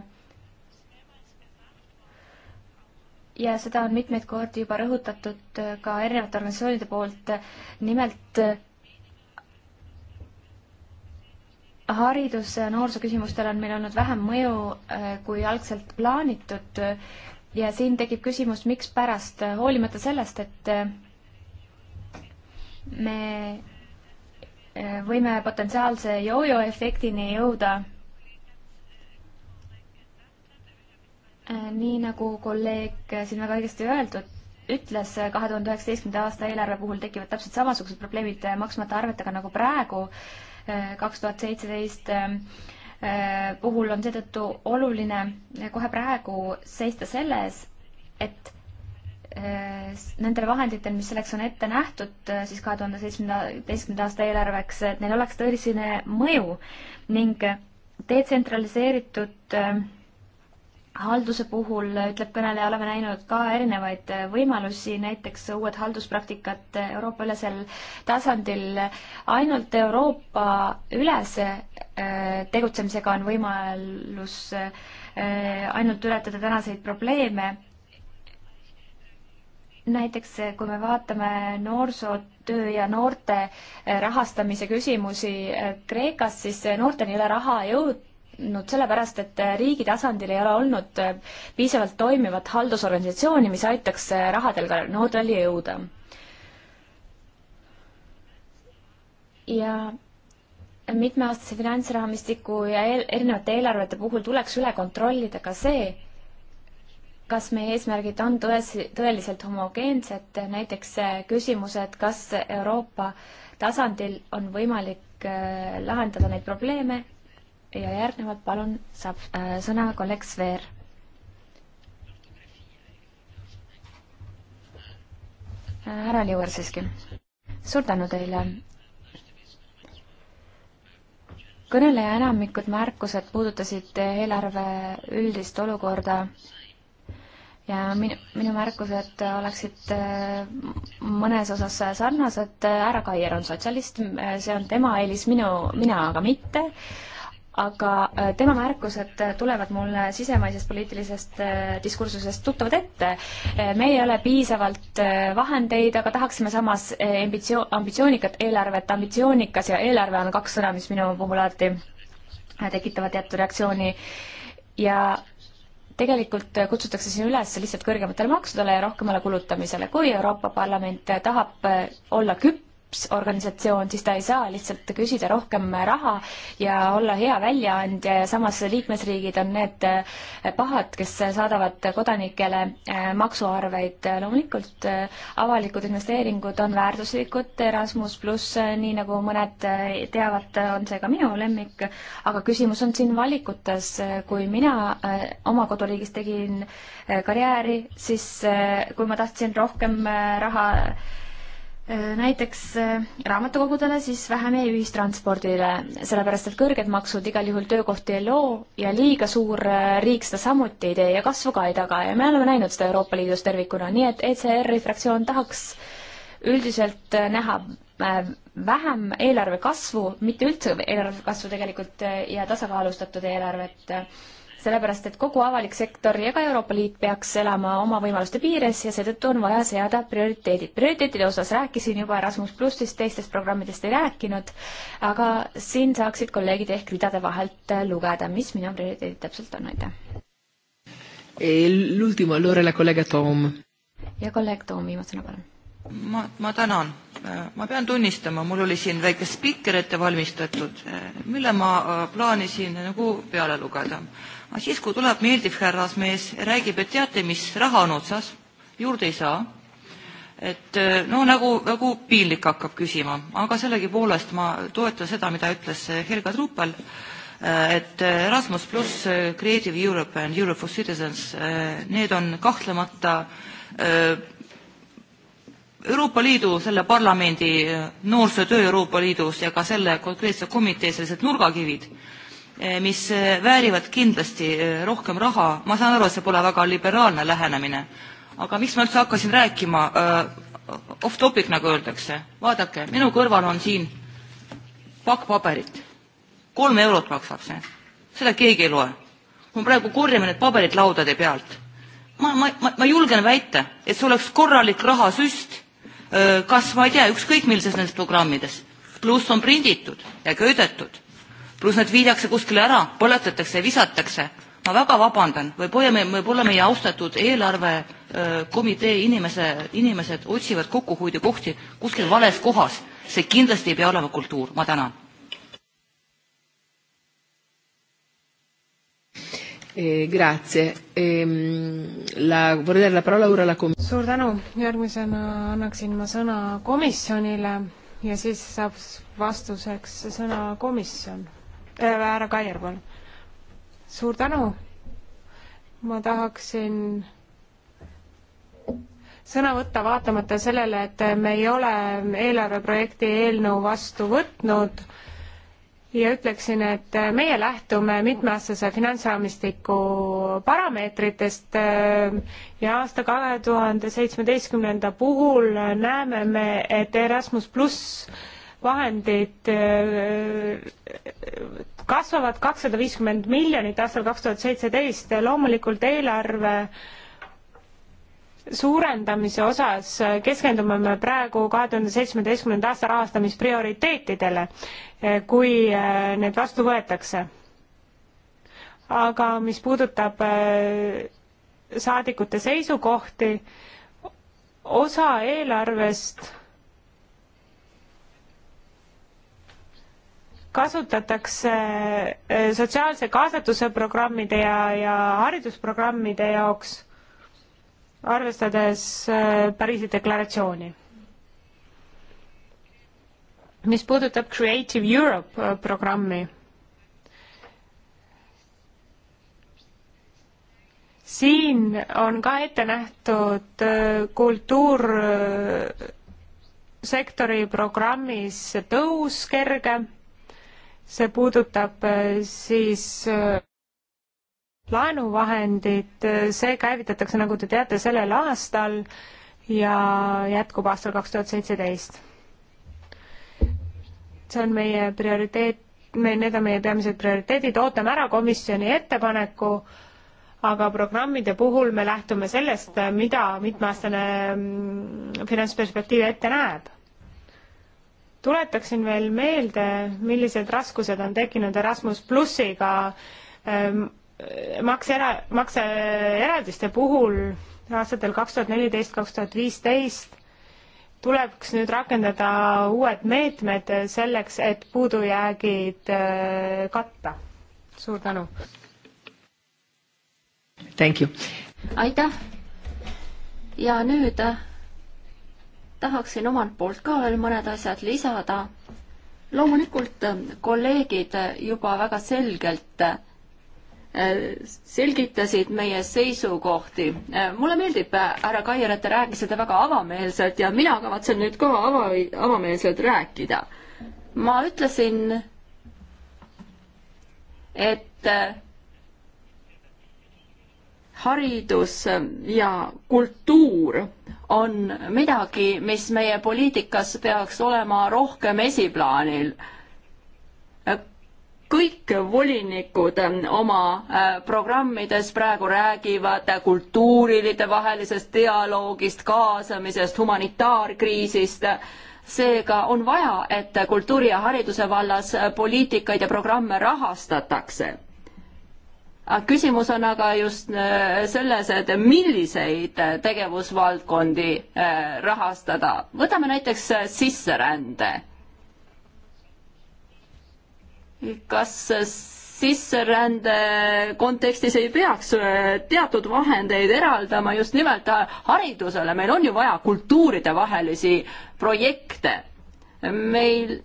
ja seda on mitmeid kordi juba rõhutatud ka erinevate organisatsioonide poolt, nimelt haridus- ja noorsooküsimustel on meil olnud vähem mõju, äh, kui algselt plaanitud ja siin tekib küsimus, mikspärast, äh, hoolimata sellest, et äh, me võime potentsiaalse jojo-efektini jõuda, nii nagu kolleeg siin väga õigesti öeldud, ütles, äh, kahe tuhande üheksateistkümnenda aasta eelarve puhul tekivad täpselt samasugused probleemid äh, maksmata arvetega nagu praegu, äh, kaks tuhat seitseteist puhul on seetõttu oluline kohe praegu seista selles, et nendel vahenditel, mis selleks on ette nähtud siis kahe tuhande seitsmeteistkümnenda aasta eelarveks, et neil oleks tõeline mõju ning detsentraliseeritud äh, halduse puhul, ütleb kõneleja, oleme näinud ka erinevaid võimalusi, näiteks uued halduspraktikad Euroopa-ülesel tasandil. ainult Euroopa-ülese äh, tegutsemisega on võimalus äh, ainult ületada tänaseid probleeme. näiteks kui me vaatame noorsootöö ja noorte äh, rahastamise küsimusi Kreekas, siis noorteni ei ole raha jõud-, olnud sellepärast, et riigi tasandil ei ole olnud piisavalt toimivat haldusorganisatsiooni, mis aitaks rahadel ka noortele jõuda. ja mitmeaastase finantsraamistiku ja eel, erinevate eelarvete puhul tuleks üle kontrollida ka see, kas meie eesmärgid on tões, tõeliselt homogeensed, näiteks küsimused, kas Euroopa tasandil on võimalik äh, lahendada neid probleeme ja järgnevalt palun saab äh, sõna kolleeg Sveer. Äh, härra Liuer siiski. suur tänu teile. kõneleja enamikud märkused puudutasid eelarve üldist olukorda ja minu, minu märkused oleksid äh, mõnes osas sarnased, härra Kaier on sotsialist, äh, see on tema eelis, minu, mina aga mitte aga äh, tema märkused äh, tulevad mulle sisemaisest poliitilisest äh, diskursusest tuttavad ette. meil ei ole piisavalt vahendeid, aga tahaksime samas ambitsioon, ambitsioonikat eelarvet, ambitsioonikas ja eelarve on kaks sõna, mis minu puhul alati tekitavad teatud reaktsiooni ja tegelikult kutsutakse siin üles lihtsalt kõrgematele maksudele ja rohkemale kulutamisele. kui Euroopa Parlament tahab olla küps, laps organisatsioon, siis ta ei saa lihtsalt küsida rohkem raha ja olla hea väljaandja ja samas liikmesriigid on need eh, pahad, kes saadavad kodanikele eh, maksuarveid. loomulikult eh, avalikud investeeringud on väärtuslikud, Erasmus pluss, nii nagu mõned teavad, on see ka minu lemmik, aga küsimus on siin valikutes. kui mina oma koduriigis tegin karjääri, siis kui ma tahtsin rohkem raha Äh, näiteks äh, raamatukogudele, siis vähem jäi ühistranspordile, sellepärast et kõrged maksud igal juhul töökohti ei loo ja liiga suur äh, riik seda samuti ei tee ja kasvu ka ei taga ja me oleme näinud seda Euroopa Liidus tervikuna, nii et ECR-i fraktsioon tahaks üldiselt näha vähem eelarve kasvu, mitte üldse eelarve kasvu tegelikult ja tasakaalustatud eelarvet sellepärast et kogu avalik sektor ja ka Euroopa Liit peaks elama oma võimaluste piires ja seetõttu on vaja seada prioriteedid. prioriteetide osas rääkisin juba Erasmus plussist, teistest programmidest ei rääkinud, aga siin saaksid kolleegid ehk ridade vahelt lugeda, mis minu prioriteedid täpselt on, aitäh. E l'ultimo allora la collega Tom. ja kolleeg Tom viimasena, palun. ma, ma tänan ma pean tunnistama, mul oli siin väike spikker ette valmistatud, mille ma plaanisin nagu peale lugeda aga siis, kui tuleb meeldiv härrasmees ja räägib, et teate mis, raha on otsas, juurde ei saa, et eh, no nagu, nagu piinlik hakkab küsima, aga sellegipoolest ma toetan seda, mida ütles eh, Helga Truupel, eh, et Erasmus pluss Creative Europe and Europe for Citizens, need on kahtlemata Euroopa Liidu, selle parlamendi noorsootöö Euroopa Liidus ja ka selle konkreetse komitee sellised nurgakivid Eh, mis eh, väärivad kindlasti eh, rohkem raha, ma saan aru, see pole väga liberaalne lähenemine, aga miks ma üldse hakkasin rääkima off topic, nagu öeldakse, vaadake, minu kõrval on siin pakk paberit, kolm eurot maksab see, seda keegi ei loe. kui me praegu korjame need paberid laudade pealt, ma, ma, ma, ma julgen väita, et see oleks korralik rahasüst, kas ma ei tea, ükskõik millises nendes programmides, pluss on prinditud ja köidetud pluss nad viidakse kuskile ära, põletatakse ja visatakse. ma väga vabandan, võib-olla me, võib-olla meie austatud eelarvekomitee äh, inimese, inimesed otsivad kokkuhoidukohti kuskil vales kohas. see kindlasti ei pea olema kultuur, ma tänan. Eh, grazie. Ehm, la, vorrei dare la parola ora alla Commissione. Suur tänu. Järgmisena annaksin ma sõna komisjonile ja siis saab vastuseks sõna komisjon. Äh, härra Kaier, palun. suur tänu. ma tahaksin sõna võtta vaatamata sellele, et me ei ole eelarveprojekti eelnõu vastu võtnud ja ütleksin, et meie lähtume mitmeaastase finantsraamistiku parameetritest äh, ja aasta kahe tuhande seitsmeteistkümnenda puhul näeme me, et Erasmus pluss vahendid äh, kasvavad kakssada viiskümmend miljonit aastal kaks tuhat seitseteist, loomulikult eelarve suurendamise osas keskendume me praegu kahe tuhande seitsmeteistkümnenda aasta rahastamisprioriteetidele, kui eh, need vastu võetakse. aga mis puudutab eh, saadikute seisukohti, osa eelarvest kasutatakse eh, sotsiaalse kaasatuse programmide ja, ja haridusprogrammide jaoks, arvestades eh, Pariisi deklaratsiooni. mis puudutab Creative Europe eh, programmi, siin on ka ette nähtud kultuursektori programmis tõus kerge see puudutab äh, siis äh, laenuvahendid, äh, see käivitatakse, nagu te teate, sellel aastal ja jätkub aastal kaks tuhat seitseteist. see on meie prioriteet, me, need on meie peamised prioriteedid, ootame ära komisjoni ettepaneku, aga programmide puhul me lähtume sellest, mida mitmeaastane mm, finantsperspektiiv ette näeb tuletaksin veel meelde, millised raskused on tekkinud Erasmus plussiga ähm, makse era, makseeraldiste puhul aastatel kaks tuhat neliteist, kaks tuhat viisteist tuleks nüüd rakendada uued meetmed selleks, et puudujäägid äh, katta. suur tänu. Thank you. aitäh. ja nüüd äh, tahaksin omalt poolt ka veel mõned asjad lisada. loomulikult äh, kolleegid juba väga selgelt äh, selgitasid meie seisukohti. Äh, mulle meeldib, härra Kaier, et te rääkisite väga avameelselt ja mina kavatsen nüüd ka ava, avameelselt rääkida. ma ütlesin, et haridus ja kultuur on midagi, mis meie poliitikas peaks olema rohkem esiplaanil. kõik volinikud oma äh, programmides praegu räägivad kultuurilide vahelisest dialoogist, kaasamisest, humanitaarkriisist seega on vaja, et kultuuri ja hariduse vallas poliitikaid ja programme rahastatakse küsimus on aga just äh, selles, et milliseid tegevusvaldkondi äh, rahastada. võtame näiteks äh, sisserände. kas sisserände kontekstis ei peaks teatud vahendeid eraldama just nimelt haridusele, meil on ju vaja kultuuridevahelisi projekte. meil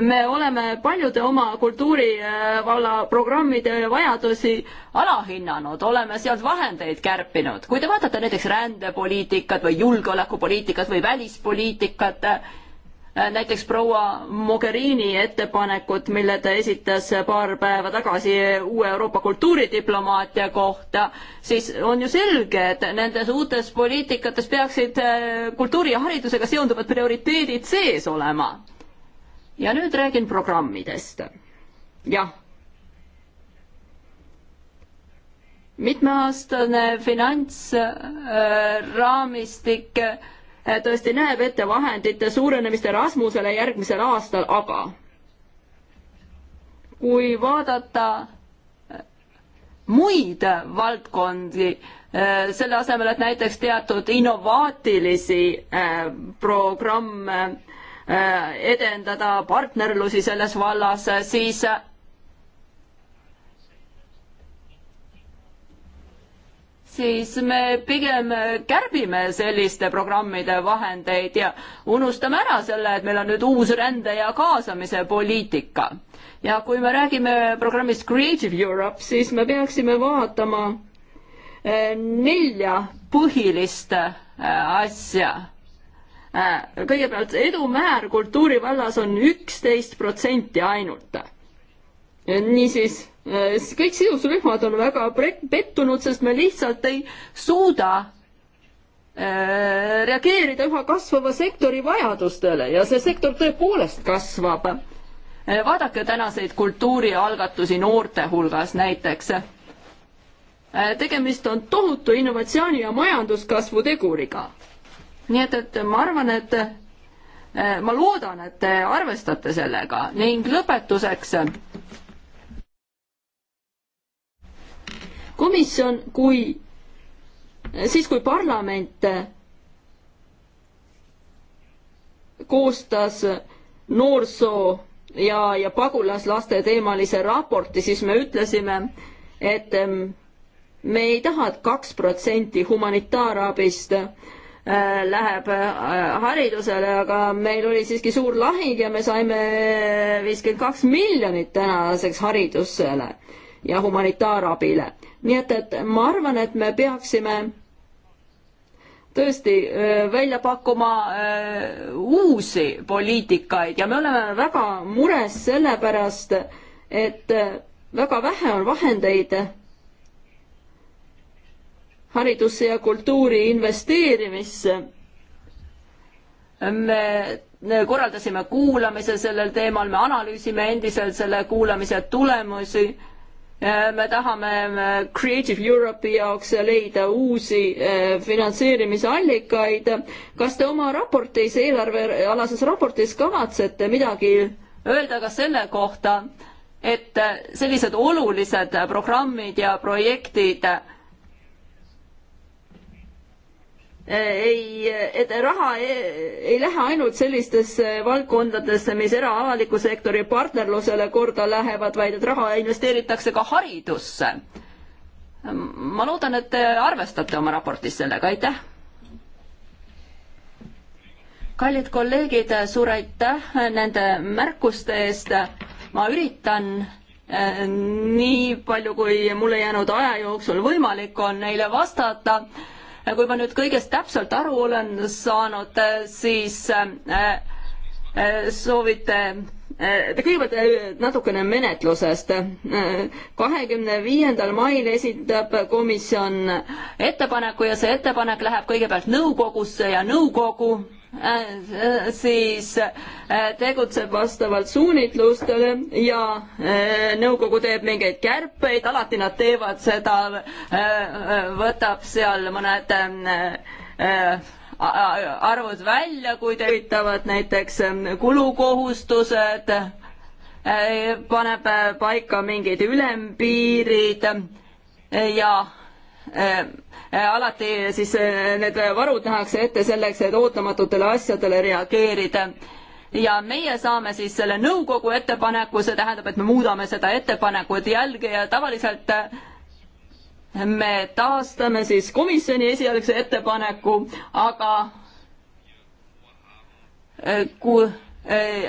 me oleme paljude oma kultuurivalla programmide vajadusi alahinnanud, oleme sealt vahendeid kärpinud. kui te vaatate näiteks rändepoliitikat või julgeolekupoliitikat või välispoliitikat, näiteks proua Mogherini ettepanekut, mille ta esitas paar päeva tagasi uue Euroopa kultuuridiplomaatia kohta, siis on ju selge, et nendes uutes poliitikates peaksid kultuuri ja haridusega seonduvad prioriteedid sees olema ja nüüd räägin programmidest. jah. mitmeaastane finantsraamistik äh, tõesti näeb ette vahendite suurenemist Erasmusele järgmisel aastal, aga kui vaadata äh, muid valdkondi, äh, selle asemel, et näiteks teatud innovaatilisi programme Äh, edendada partnerlusi selles vallas, siis siis me pigem kärbime selliste programmide vahendeid ja unustame ära selle, et meil on nüüd uus rände ja kaasamise poliitika. ja kui me räägime programmist Creative Europe, siis me peaksime vaatama äh, nelja põhilist äh, asja Äh, kõigepealt edumäär kultuuri vallas on üksteist protsenti ainult. niisiis, äh, kõik sidusrühmad on väga pettunud, sest me lihtsalt ei suuda äh, reageerida üha kasvava sektori vajadustele ja see sektor tõepoolest kasvab. vaadake tänaseid kultuurialgatusi noorte hulgas näiteks. tegemist on tohutu innovatsiooni ja majanduskasvu teguriga nii et, et ma arvan, et eh, ma loodan, et te arvestate sellega ning lõpetuseks. komisjon, kui, siis kui parlament koostas noorsoo ja, ja pagulaslaste teemalise raporti, siis me ütlesime, et me ei taha et, et kaks protsenti humanitaarabist Äh, läheb äh, haridusele, aga meil oli siiski suur lahing ja me saime viiskümmend kaks miljonit tänaseks haridusele ja humanitaarabile. nii et, et ma arvan, et me peaksime tõesti äh, välja pakkuma uusi poliitikaid ja me oleme väga mures selle pärast, et väga vähe on vahendeid haridusse ja kultuuri investeerimisse. me korraldasime kuulamise sellel teemal, me analüüsime endiselt selle kuulamise tulemusi. me tahame Creative Europe'i jaoks leida uusi e, finantseerimisallikaid. kas te oma raportis, eelarvealases raportis kavatsete midagi öelda ka selle kohta, et sellised olulised programmid ja projektid Äh, ei, et raha ei, ei lähe ainult sellistesse valdkondadesse, mis era-avaliku sektori partnerlusele korda lähevad, vaid et raha investeeritakse ka haridusse. ma loodan, et te arvestate oma raportis sellega, aitäh! kallid kolleegid, suur aitäh nende märkuste eest, ma üritan äh, nii palju, kui mulle jäänud aja jooksul võimalik on, neile vastata kui ma nüüd kõigest täpselt aru olen saanud, siis äh, äh, soovite äh, Te kõigepealt natukene menetlusest. kahekümne viiendal mail esitab komisjon ettepaneku ja see ettepanek läheb kõigepealt nõukogusse ja nõukogu Äh, siis äh, tegutseb vastavalt suunitlustele ja äh, nõukogu teeb mingeid kärpeid, alati nad teevad seda, võtab seal mõned arvud välja, kui tekitavad näiteks ähm, kulukohustused, paneb paika mingid ülempiirid ja Äh, äh, alati siis äh, need varud nähakse ette selleks, et ootamatutele asjadele reageerida. ja meie saame siis selle nõukogu ettepaneku, see tähendab, et me muudame seda ettepanekut jälgi ja tavaliselt me taastame siis komisjoni esialgse ettepaneku, aga kui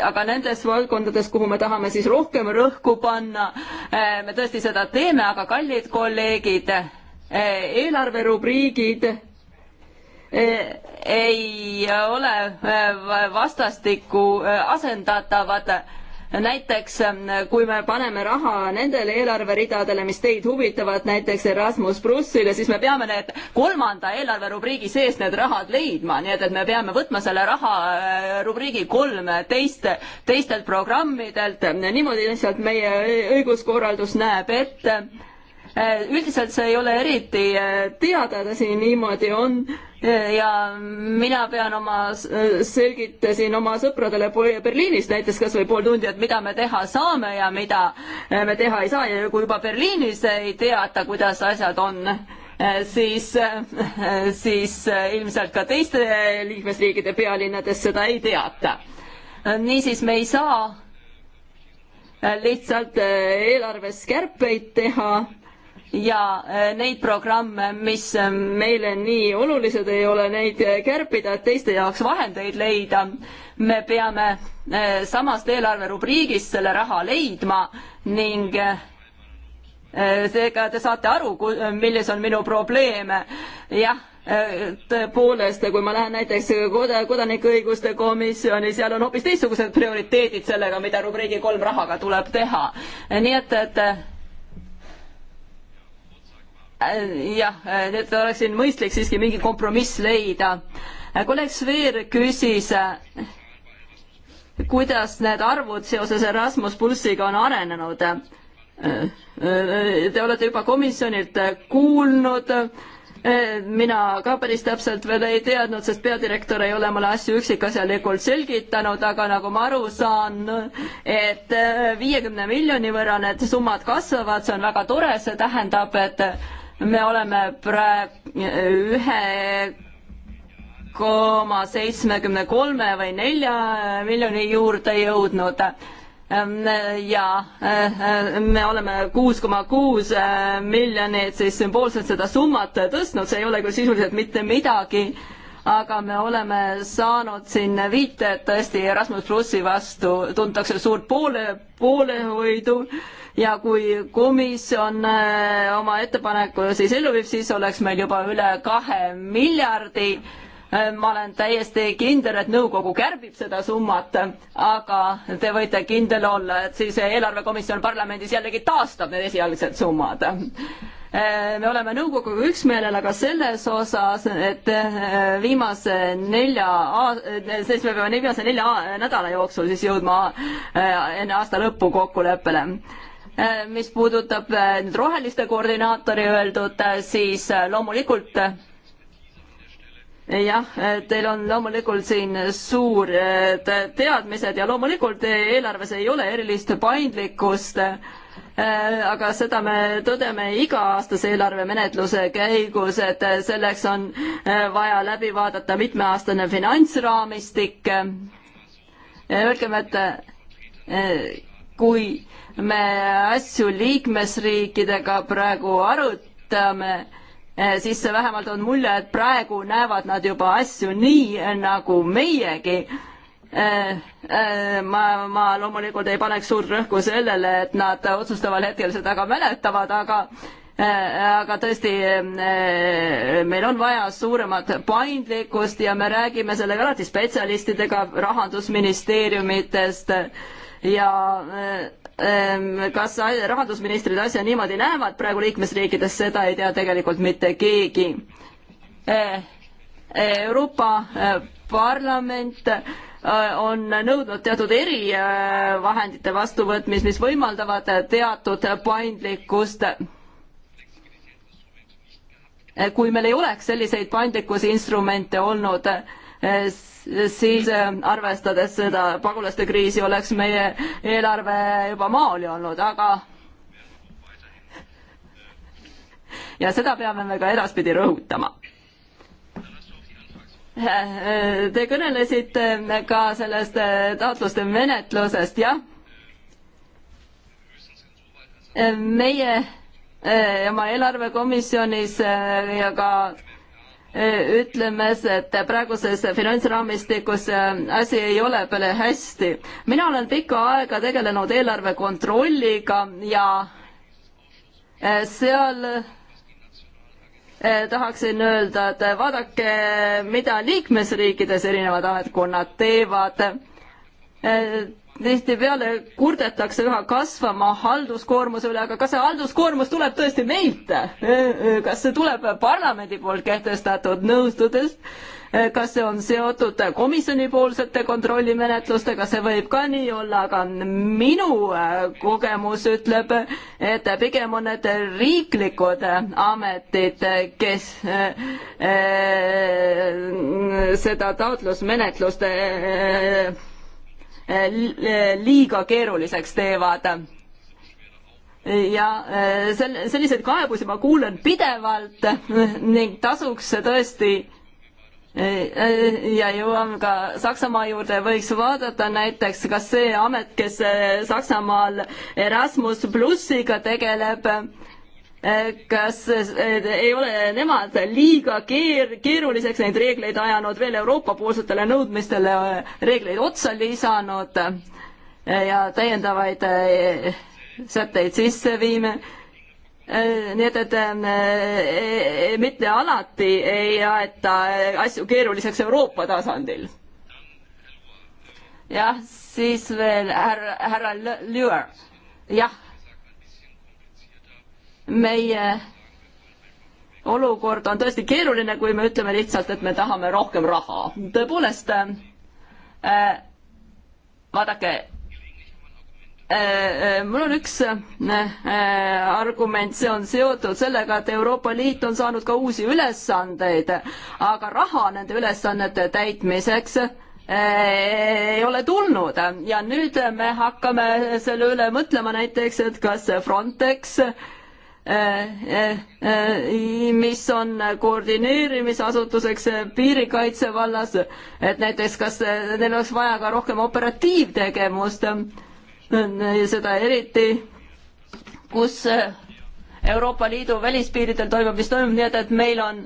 aga nendes valdkondades, kuhu me tahame siis rohkem rõhku panna, me tõesti seda teeme, aga kallid kolleegid, Eh, eelarverubriigid eh, ei ole eh, vastastikku asendatavad näiteks kui me paneme raha nendele eelarveridadele, mis teid huvitavad, näiteks Erasmus plussile, siis me peame need kolmanda eelarverubriigi sees need rahad leidma, nii et, et me peame võtma selle raha rubriigi kolm teist, teistelt programmidelt, niimoodi lihtsalt meie õiguskorraldus näeb ette Äh, üldiselt see ei ole eriti äh, teada, ta siin niimoodi on äh, ja mina pean oma, selgitasin oma sõpradele Berliinis näiteks kas või pool tundi, et mida me teha saame ja mida me teha ei saa ja kui juba Berliinis ei teata, kuidas asjad on, siis, siis ilmselt ka teiste liikmesriikide pealinnades seda ei teata. niisiis me ei saa lihtsalt eelarves kärpeid teha ja eh, neid programme, mis eh, meile nii olulised ei ole, neid eh, kärpida, et teiste jaoks vahendeid leida. me peame samast eelarverubriigist selle raha leidma ning seega te saate aru, milles on minu probleem. jah, tõepoolest, kui ma lähen näiteks kod kodanikuõiguste komisjoni, seal on hoopis teistsugused prioriteedid sellega, mida rubriigi kolm rahaga tuleb teha. nii et, et Äh, jah, äh, et oleks siin mõistlik siiski mingi kompromiss leida. Äh, kolleeg Sveer küsis, kuidas need arvud seoses Erasmus plussiga on arenenud. Te olete juba komisjonilt kuulnud, mina ka päris täpselt veel ei teadnud, sest peadirektor ei ole mulle asju üksikasjalikult selgitanud, aga nagu ma aru saan, et viiekümne miljoni võrra need summad kasvavad, see on väga tore, see tähendab, et me oleme praegu ühe koma seitsmekümne kolme või nelja miljoni juurde jõudnud ja eh, me oleme kuus koma kuus miljonit siis sümboolselt seda summat tõstnud, see ei ole küll sisuliselt mitte midagi, aga me oleme saanud siin viite, et tõesti Erasmus plussi vastu tuntakse suurt poole, poolehoidu ja kui komisjon äh, oma ettepaneku siis ellu viib, siis oleks meil juba üle kahe miljardi. Äh, ma olen täiesti kindel, et nõukogu kärbib seda summat, aga te võite kindel olla, et siis eelarvekomisjon parlamendis jällegi taastab need esialgsed summad äh, me oleme nõukoguga üksmeelel, aga selles osas, et viimase nelja, siis me peame viimase nelja nädala jooksul siis jõudma enne aasta lõppu kokkuleppele Äh, mis puudutab äh, nüüd roheliste koordinaatori öeldut, äh, siis loomulikult jah, teil on loomulikult siin suured teadmised ja loomulikult eelarves ei ole erilist paindlikkust, aga seda me tõdeme iga-aastase eelarvemenetluse käigus, et selleks on vaja läbi vaadata mitmeaastane finantsraamistik. öelgem, et kui me asju liikmesriikidega praegu arutame, eh, siis vähemalt on mulje, et praegu näevad nad juba asju nii, nagu meiegi eh, eh, ma, ma loomulikult ei paneks suurt rõhku sellele, et nad otsustaval hetkel seda ka mäletavad, aga aga tõesti, meil on vaja suuremat paindlikkust ja me räägime sellega alati spetsialistidega rahandusministeeriumitest ja Ehm, kas rahandusministrid asja niimoodi näevad praegu liikmesriikides, seda ei tea tegelikult mitte keegi. Eh, Euroopa eh, Parlament eh, on nõudnud teatud erivahendite vastuvõtmist, mis võimaldavad teatud paindlikkust. kui meil ei oleks selliseid paindlikkuse instrumente olnud, Eh, siis eh, arvestades seda pagulaste kriisi, oleks meie eelarve juba maali olnud, aga ja seda peame me ka edaspidi rõhutama eh, Te kõnelesite ka sellest taotluste menetlusest, jah? meie oma eelarvekomisjonis ja ka ütlemas, et praeguses finantsraamistikus äh, asi ei ole peale hästi. mina olen pikka aega tegelenud eelarve kontrolliga ja äh, seal äh, tahaksin öelda, et vaadake, mida liikmesriikides erinevad ametkonnad teevad tihtipeale kurdetakse üha kasvama halduskoormuse üle, aga kas see halduskoormus tuleb tõesti meilt? kas see tuleb parlamendi poolt kehtestatud nõustudest? kas see on seotud komisjonipoolsete kontrollimenetlustega, see võib ka nii olla, aga minu äh, kogemus ütleb, et pigem on need riiklikud ametid, kes äh, äh, seda taotlusmenetlust liiga keeruliseks teevad ja eh, sel-, selliseid kaebusi ma kuulen pidevalt ning tasuks tõesti eh, ja jõuame ka Saksamaa juurde, võiks vaadata näiteks, kas see amet, kes eh, Saksamaal Erasmus plussiga tegeleb, Eh, kas eh, ei ole nemad liiga keer-, keeruliseks neid reegleid ajanud, veel Euroopa-poolsetele nõudmistele eh, reegleid otsa lisanud ja täiendavaid sätteid sisse viime nii et, et mitte alati ei aeta asju keeruliseks Euroopa tasandil. jah, siis veel härra, härra Lüür. jah meie olukord on tõesti keeruline, kui me ütleme lihtsalt, et me tahame rohkem raha. tõepoolest äh,, vaadake äh,, äh mul on üks äh, äh, argument, see on seotud sellega, et Euroopa Liit on saanud ka uusi ülesandeid, aga raha nende ülesannete täitmiseks äh, ei ole tulnud ja nüüd me hakkame selle üle mõtlema näiteks, et kas Frontex äh, mis on koordineerimisasutuseks piirikaitse vallas, et näiteks kas neil oleks vaja ka rohkem operatiivtegevust, seda eriti, kus Euroopa Liidu välispiiridel toimub, mis toimub, nii et, et meil on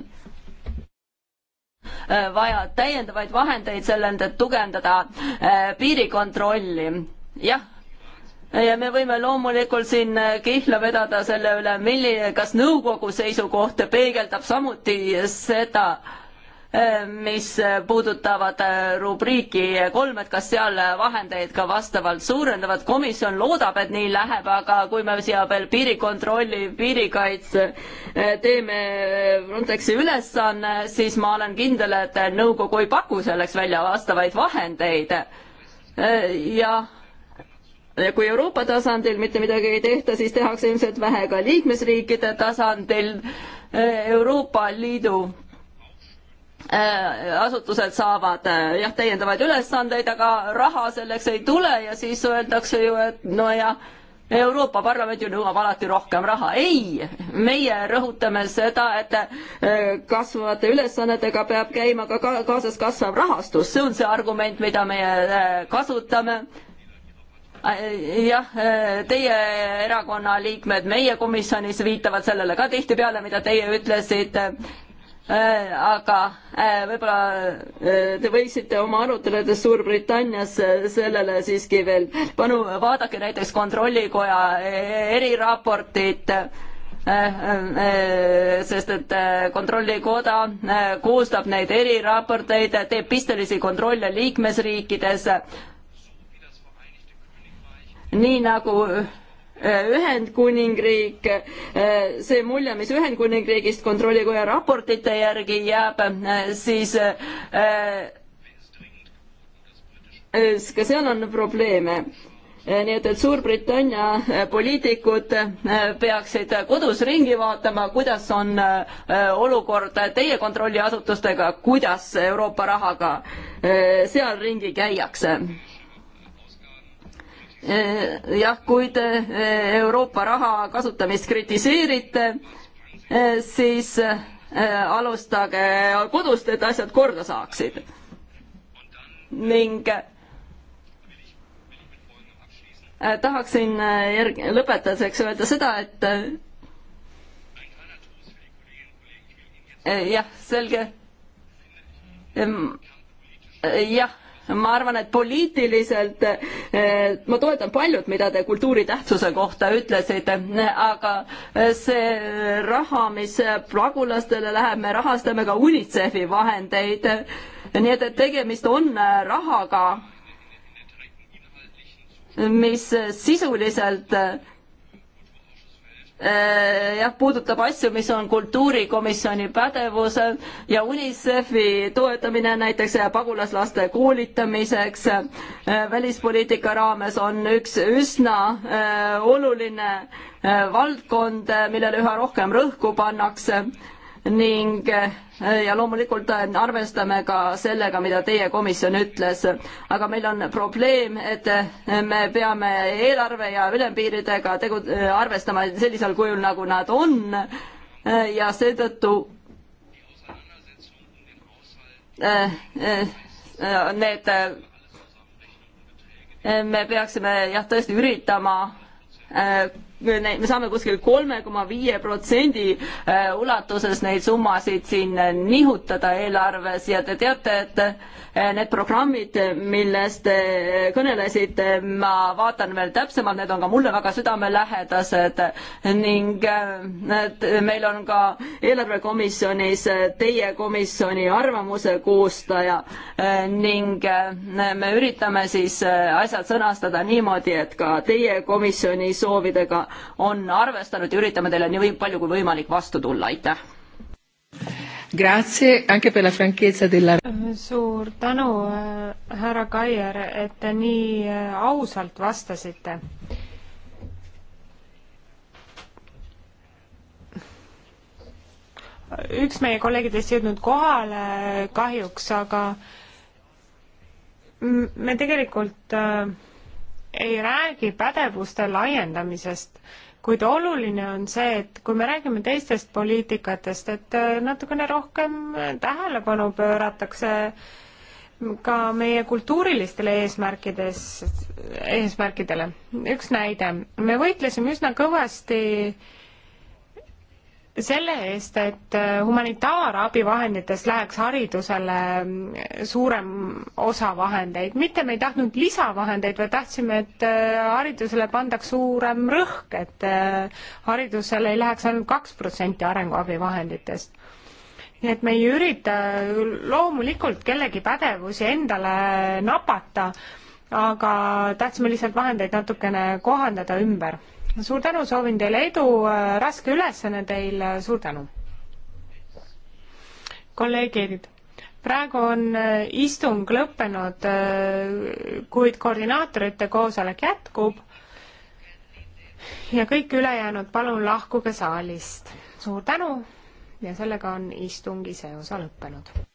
vaja täiendavaid vahendeid sellel, et tugevdada piirikontrolli. jah ja me võime loomulikult siin äh, kihla vedada selle üle, milline, kas nõukogu seisukoht peegeldab samuti seda, äh, mis äh, puudutavad rubriiki kolm, et kas seal vahendeid ka vastavalt suurendavad, komisjon loodab, et nii läheb, aga kui me siia veel piirikontrolli, piirikaitse teeme Frontexi ülesanne, siis ma olen kindel, et nõukogu ei paku selleks välja vastavaid vahendeid. jah kui Euroopa tasandil mitte midagi ei tehta, siis tehakse ilmselt vähe ka liikmesriikide tasandil. Euroopa Liidu äh, asutused saavad äh, jah, täiendavaid ülesandeid, aga raha selleks ei tule ja siis öeldakse ju, et nojah, Euroopa Parlament ju nõuab alati rohkem raha. ei, meie rõhutame seda, et äh, kasvavate ülesannetega peab käima ka kaasas kasvav rahastus, see on see argument, mida meie kasutame Äh, jah, äh, teie erakonna liikmed meie komisjonis viitavad sellele ka tihtipeale, mida teie ütlesite äh, aga võib-olla te võiksite oma aruteludes Suurbritannias sellele siiski veel, panu, vaadake näiteks Kontrollikoja eriraportit, sest et Kontrollikoda koostab neid eriraporteid, teeb pistelisi kontrolle liikmesriikides nii nagu äh, Ühendkuningriik, äh, see mulje, mis Ühendkuningriigist kontrollikoja raportite järgi jääb, äh, siis ka seal on probleeme nii et, et Suurbritannia poliitikud peaksid kodus ringi vaatama, kuidas on olukord teie kontrolliasutustega, kuidas Euroopa rahaga seal ringi käiakse Äh, jah, kui te äh, Euroopa raha kasutamist kritiseerite, äh, siis alustage kodust, et asjad korda saaksid. ning tahaksin järg-, lõpetuseks öelda seda, et jah, selge. jah ma arvan, et poliitiliselt eh, ma toetan paljut, mida te kultuuri tähtsuse kohta ütlesite, aga see raha, mis pagulastele läheb, me rahastame ka UNICEF-i vahendeid. nii et, et tegemist on rahaga, mis sisuliselt Äh, jah, puudutab asju, mis on kultuurikomisjoni pädevusel ja UNICEF-i toetamine näiteks pagulaslaste koolitamiseks äh, välispoliitika raames on üks üsna äh, oluline valdkond, millele üha rohkem rõhku pannakse ning eh, ja loomulikult eh, arvestame ka sellega, mida teie komisjon ütles. aga meil on probleem, et eh, me peame eelarve ja ülempiiridega tegu-, arvestama sellisel kujul, nagu nad on ja seetõttu need, me peaksime jah, tõesti üritama me saame kuskil kolme koma viie protsendi äh, ulatuses neid summasid siin äh, nihutada eelarves ja te teate, et äh, need programmid, millest te kõnelesite, ma vaatan veel täpsemalt, need on ka mulle väga südamelähedased ning et meil on ka eelarvekomisjonis teie komisjoni arvamuse koostaja ning me üritame siis asjad sõnastada niimoodi, et ka teie komisjoni soovidega on arvestanud ja üritame teile nii palju kui võimalik vastu tulla, aitäh! Grazie anche per la franchezza della... suur tänu, äh, härra Kaier, et te nii äh, ausalt vastasite üks meie kolleegidest jõudnud kohale kahjuks, aga me tegelikult äh, ei räägi pädevuste laiendamisest, kuid oluline on see, et kui me räägime teistest poliitikatest, et äh, natukene rohkem tähelepanu pööratakse ka meie kultuurilistele eesmärkides, eesmärkidele. üks näide, me võitlesime üsna kõvasti äh, selle eest, et äh, humanitaarabivahenditest läheks haridusele mm, suurem osa vahendeid, mitte me ei tahtnud lisavahendeid, vaid tahtsime, et äh, haridusele pandaks suurem rõhk, et äh, haridusele ei läheks ainult kaks protsenti arenguabivahenditest. nii et me ei ürita loomulikult kellegi pädevusi endale napata, aga tahtsime lihtsalt vahendeid natukene kohandada ümber suur tänu, soovin teile edu, äh, raske ülesanne teil, äh, suur tänu. kolleegid praegu on äh, istung lõppenud, kuid koordinaatorite koosolek jätkub ja kõik ülejäänud palun lahkuge saalist. suur tänu ja sellega on istung ise osa lõppenud.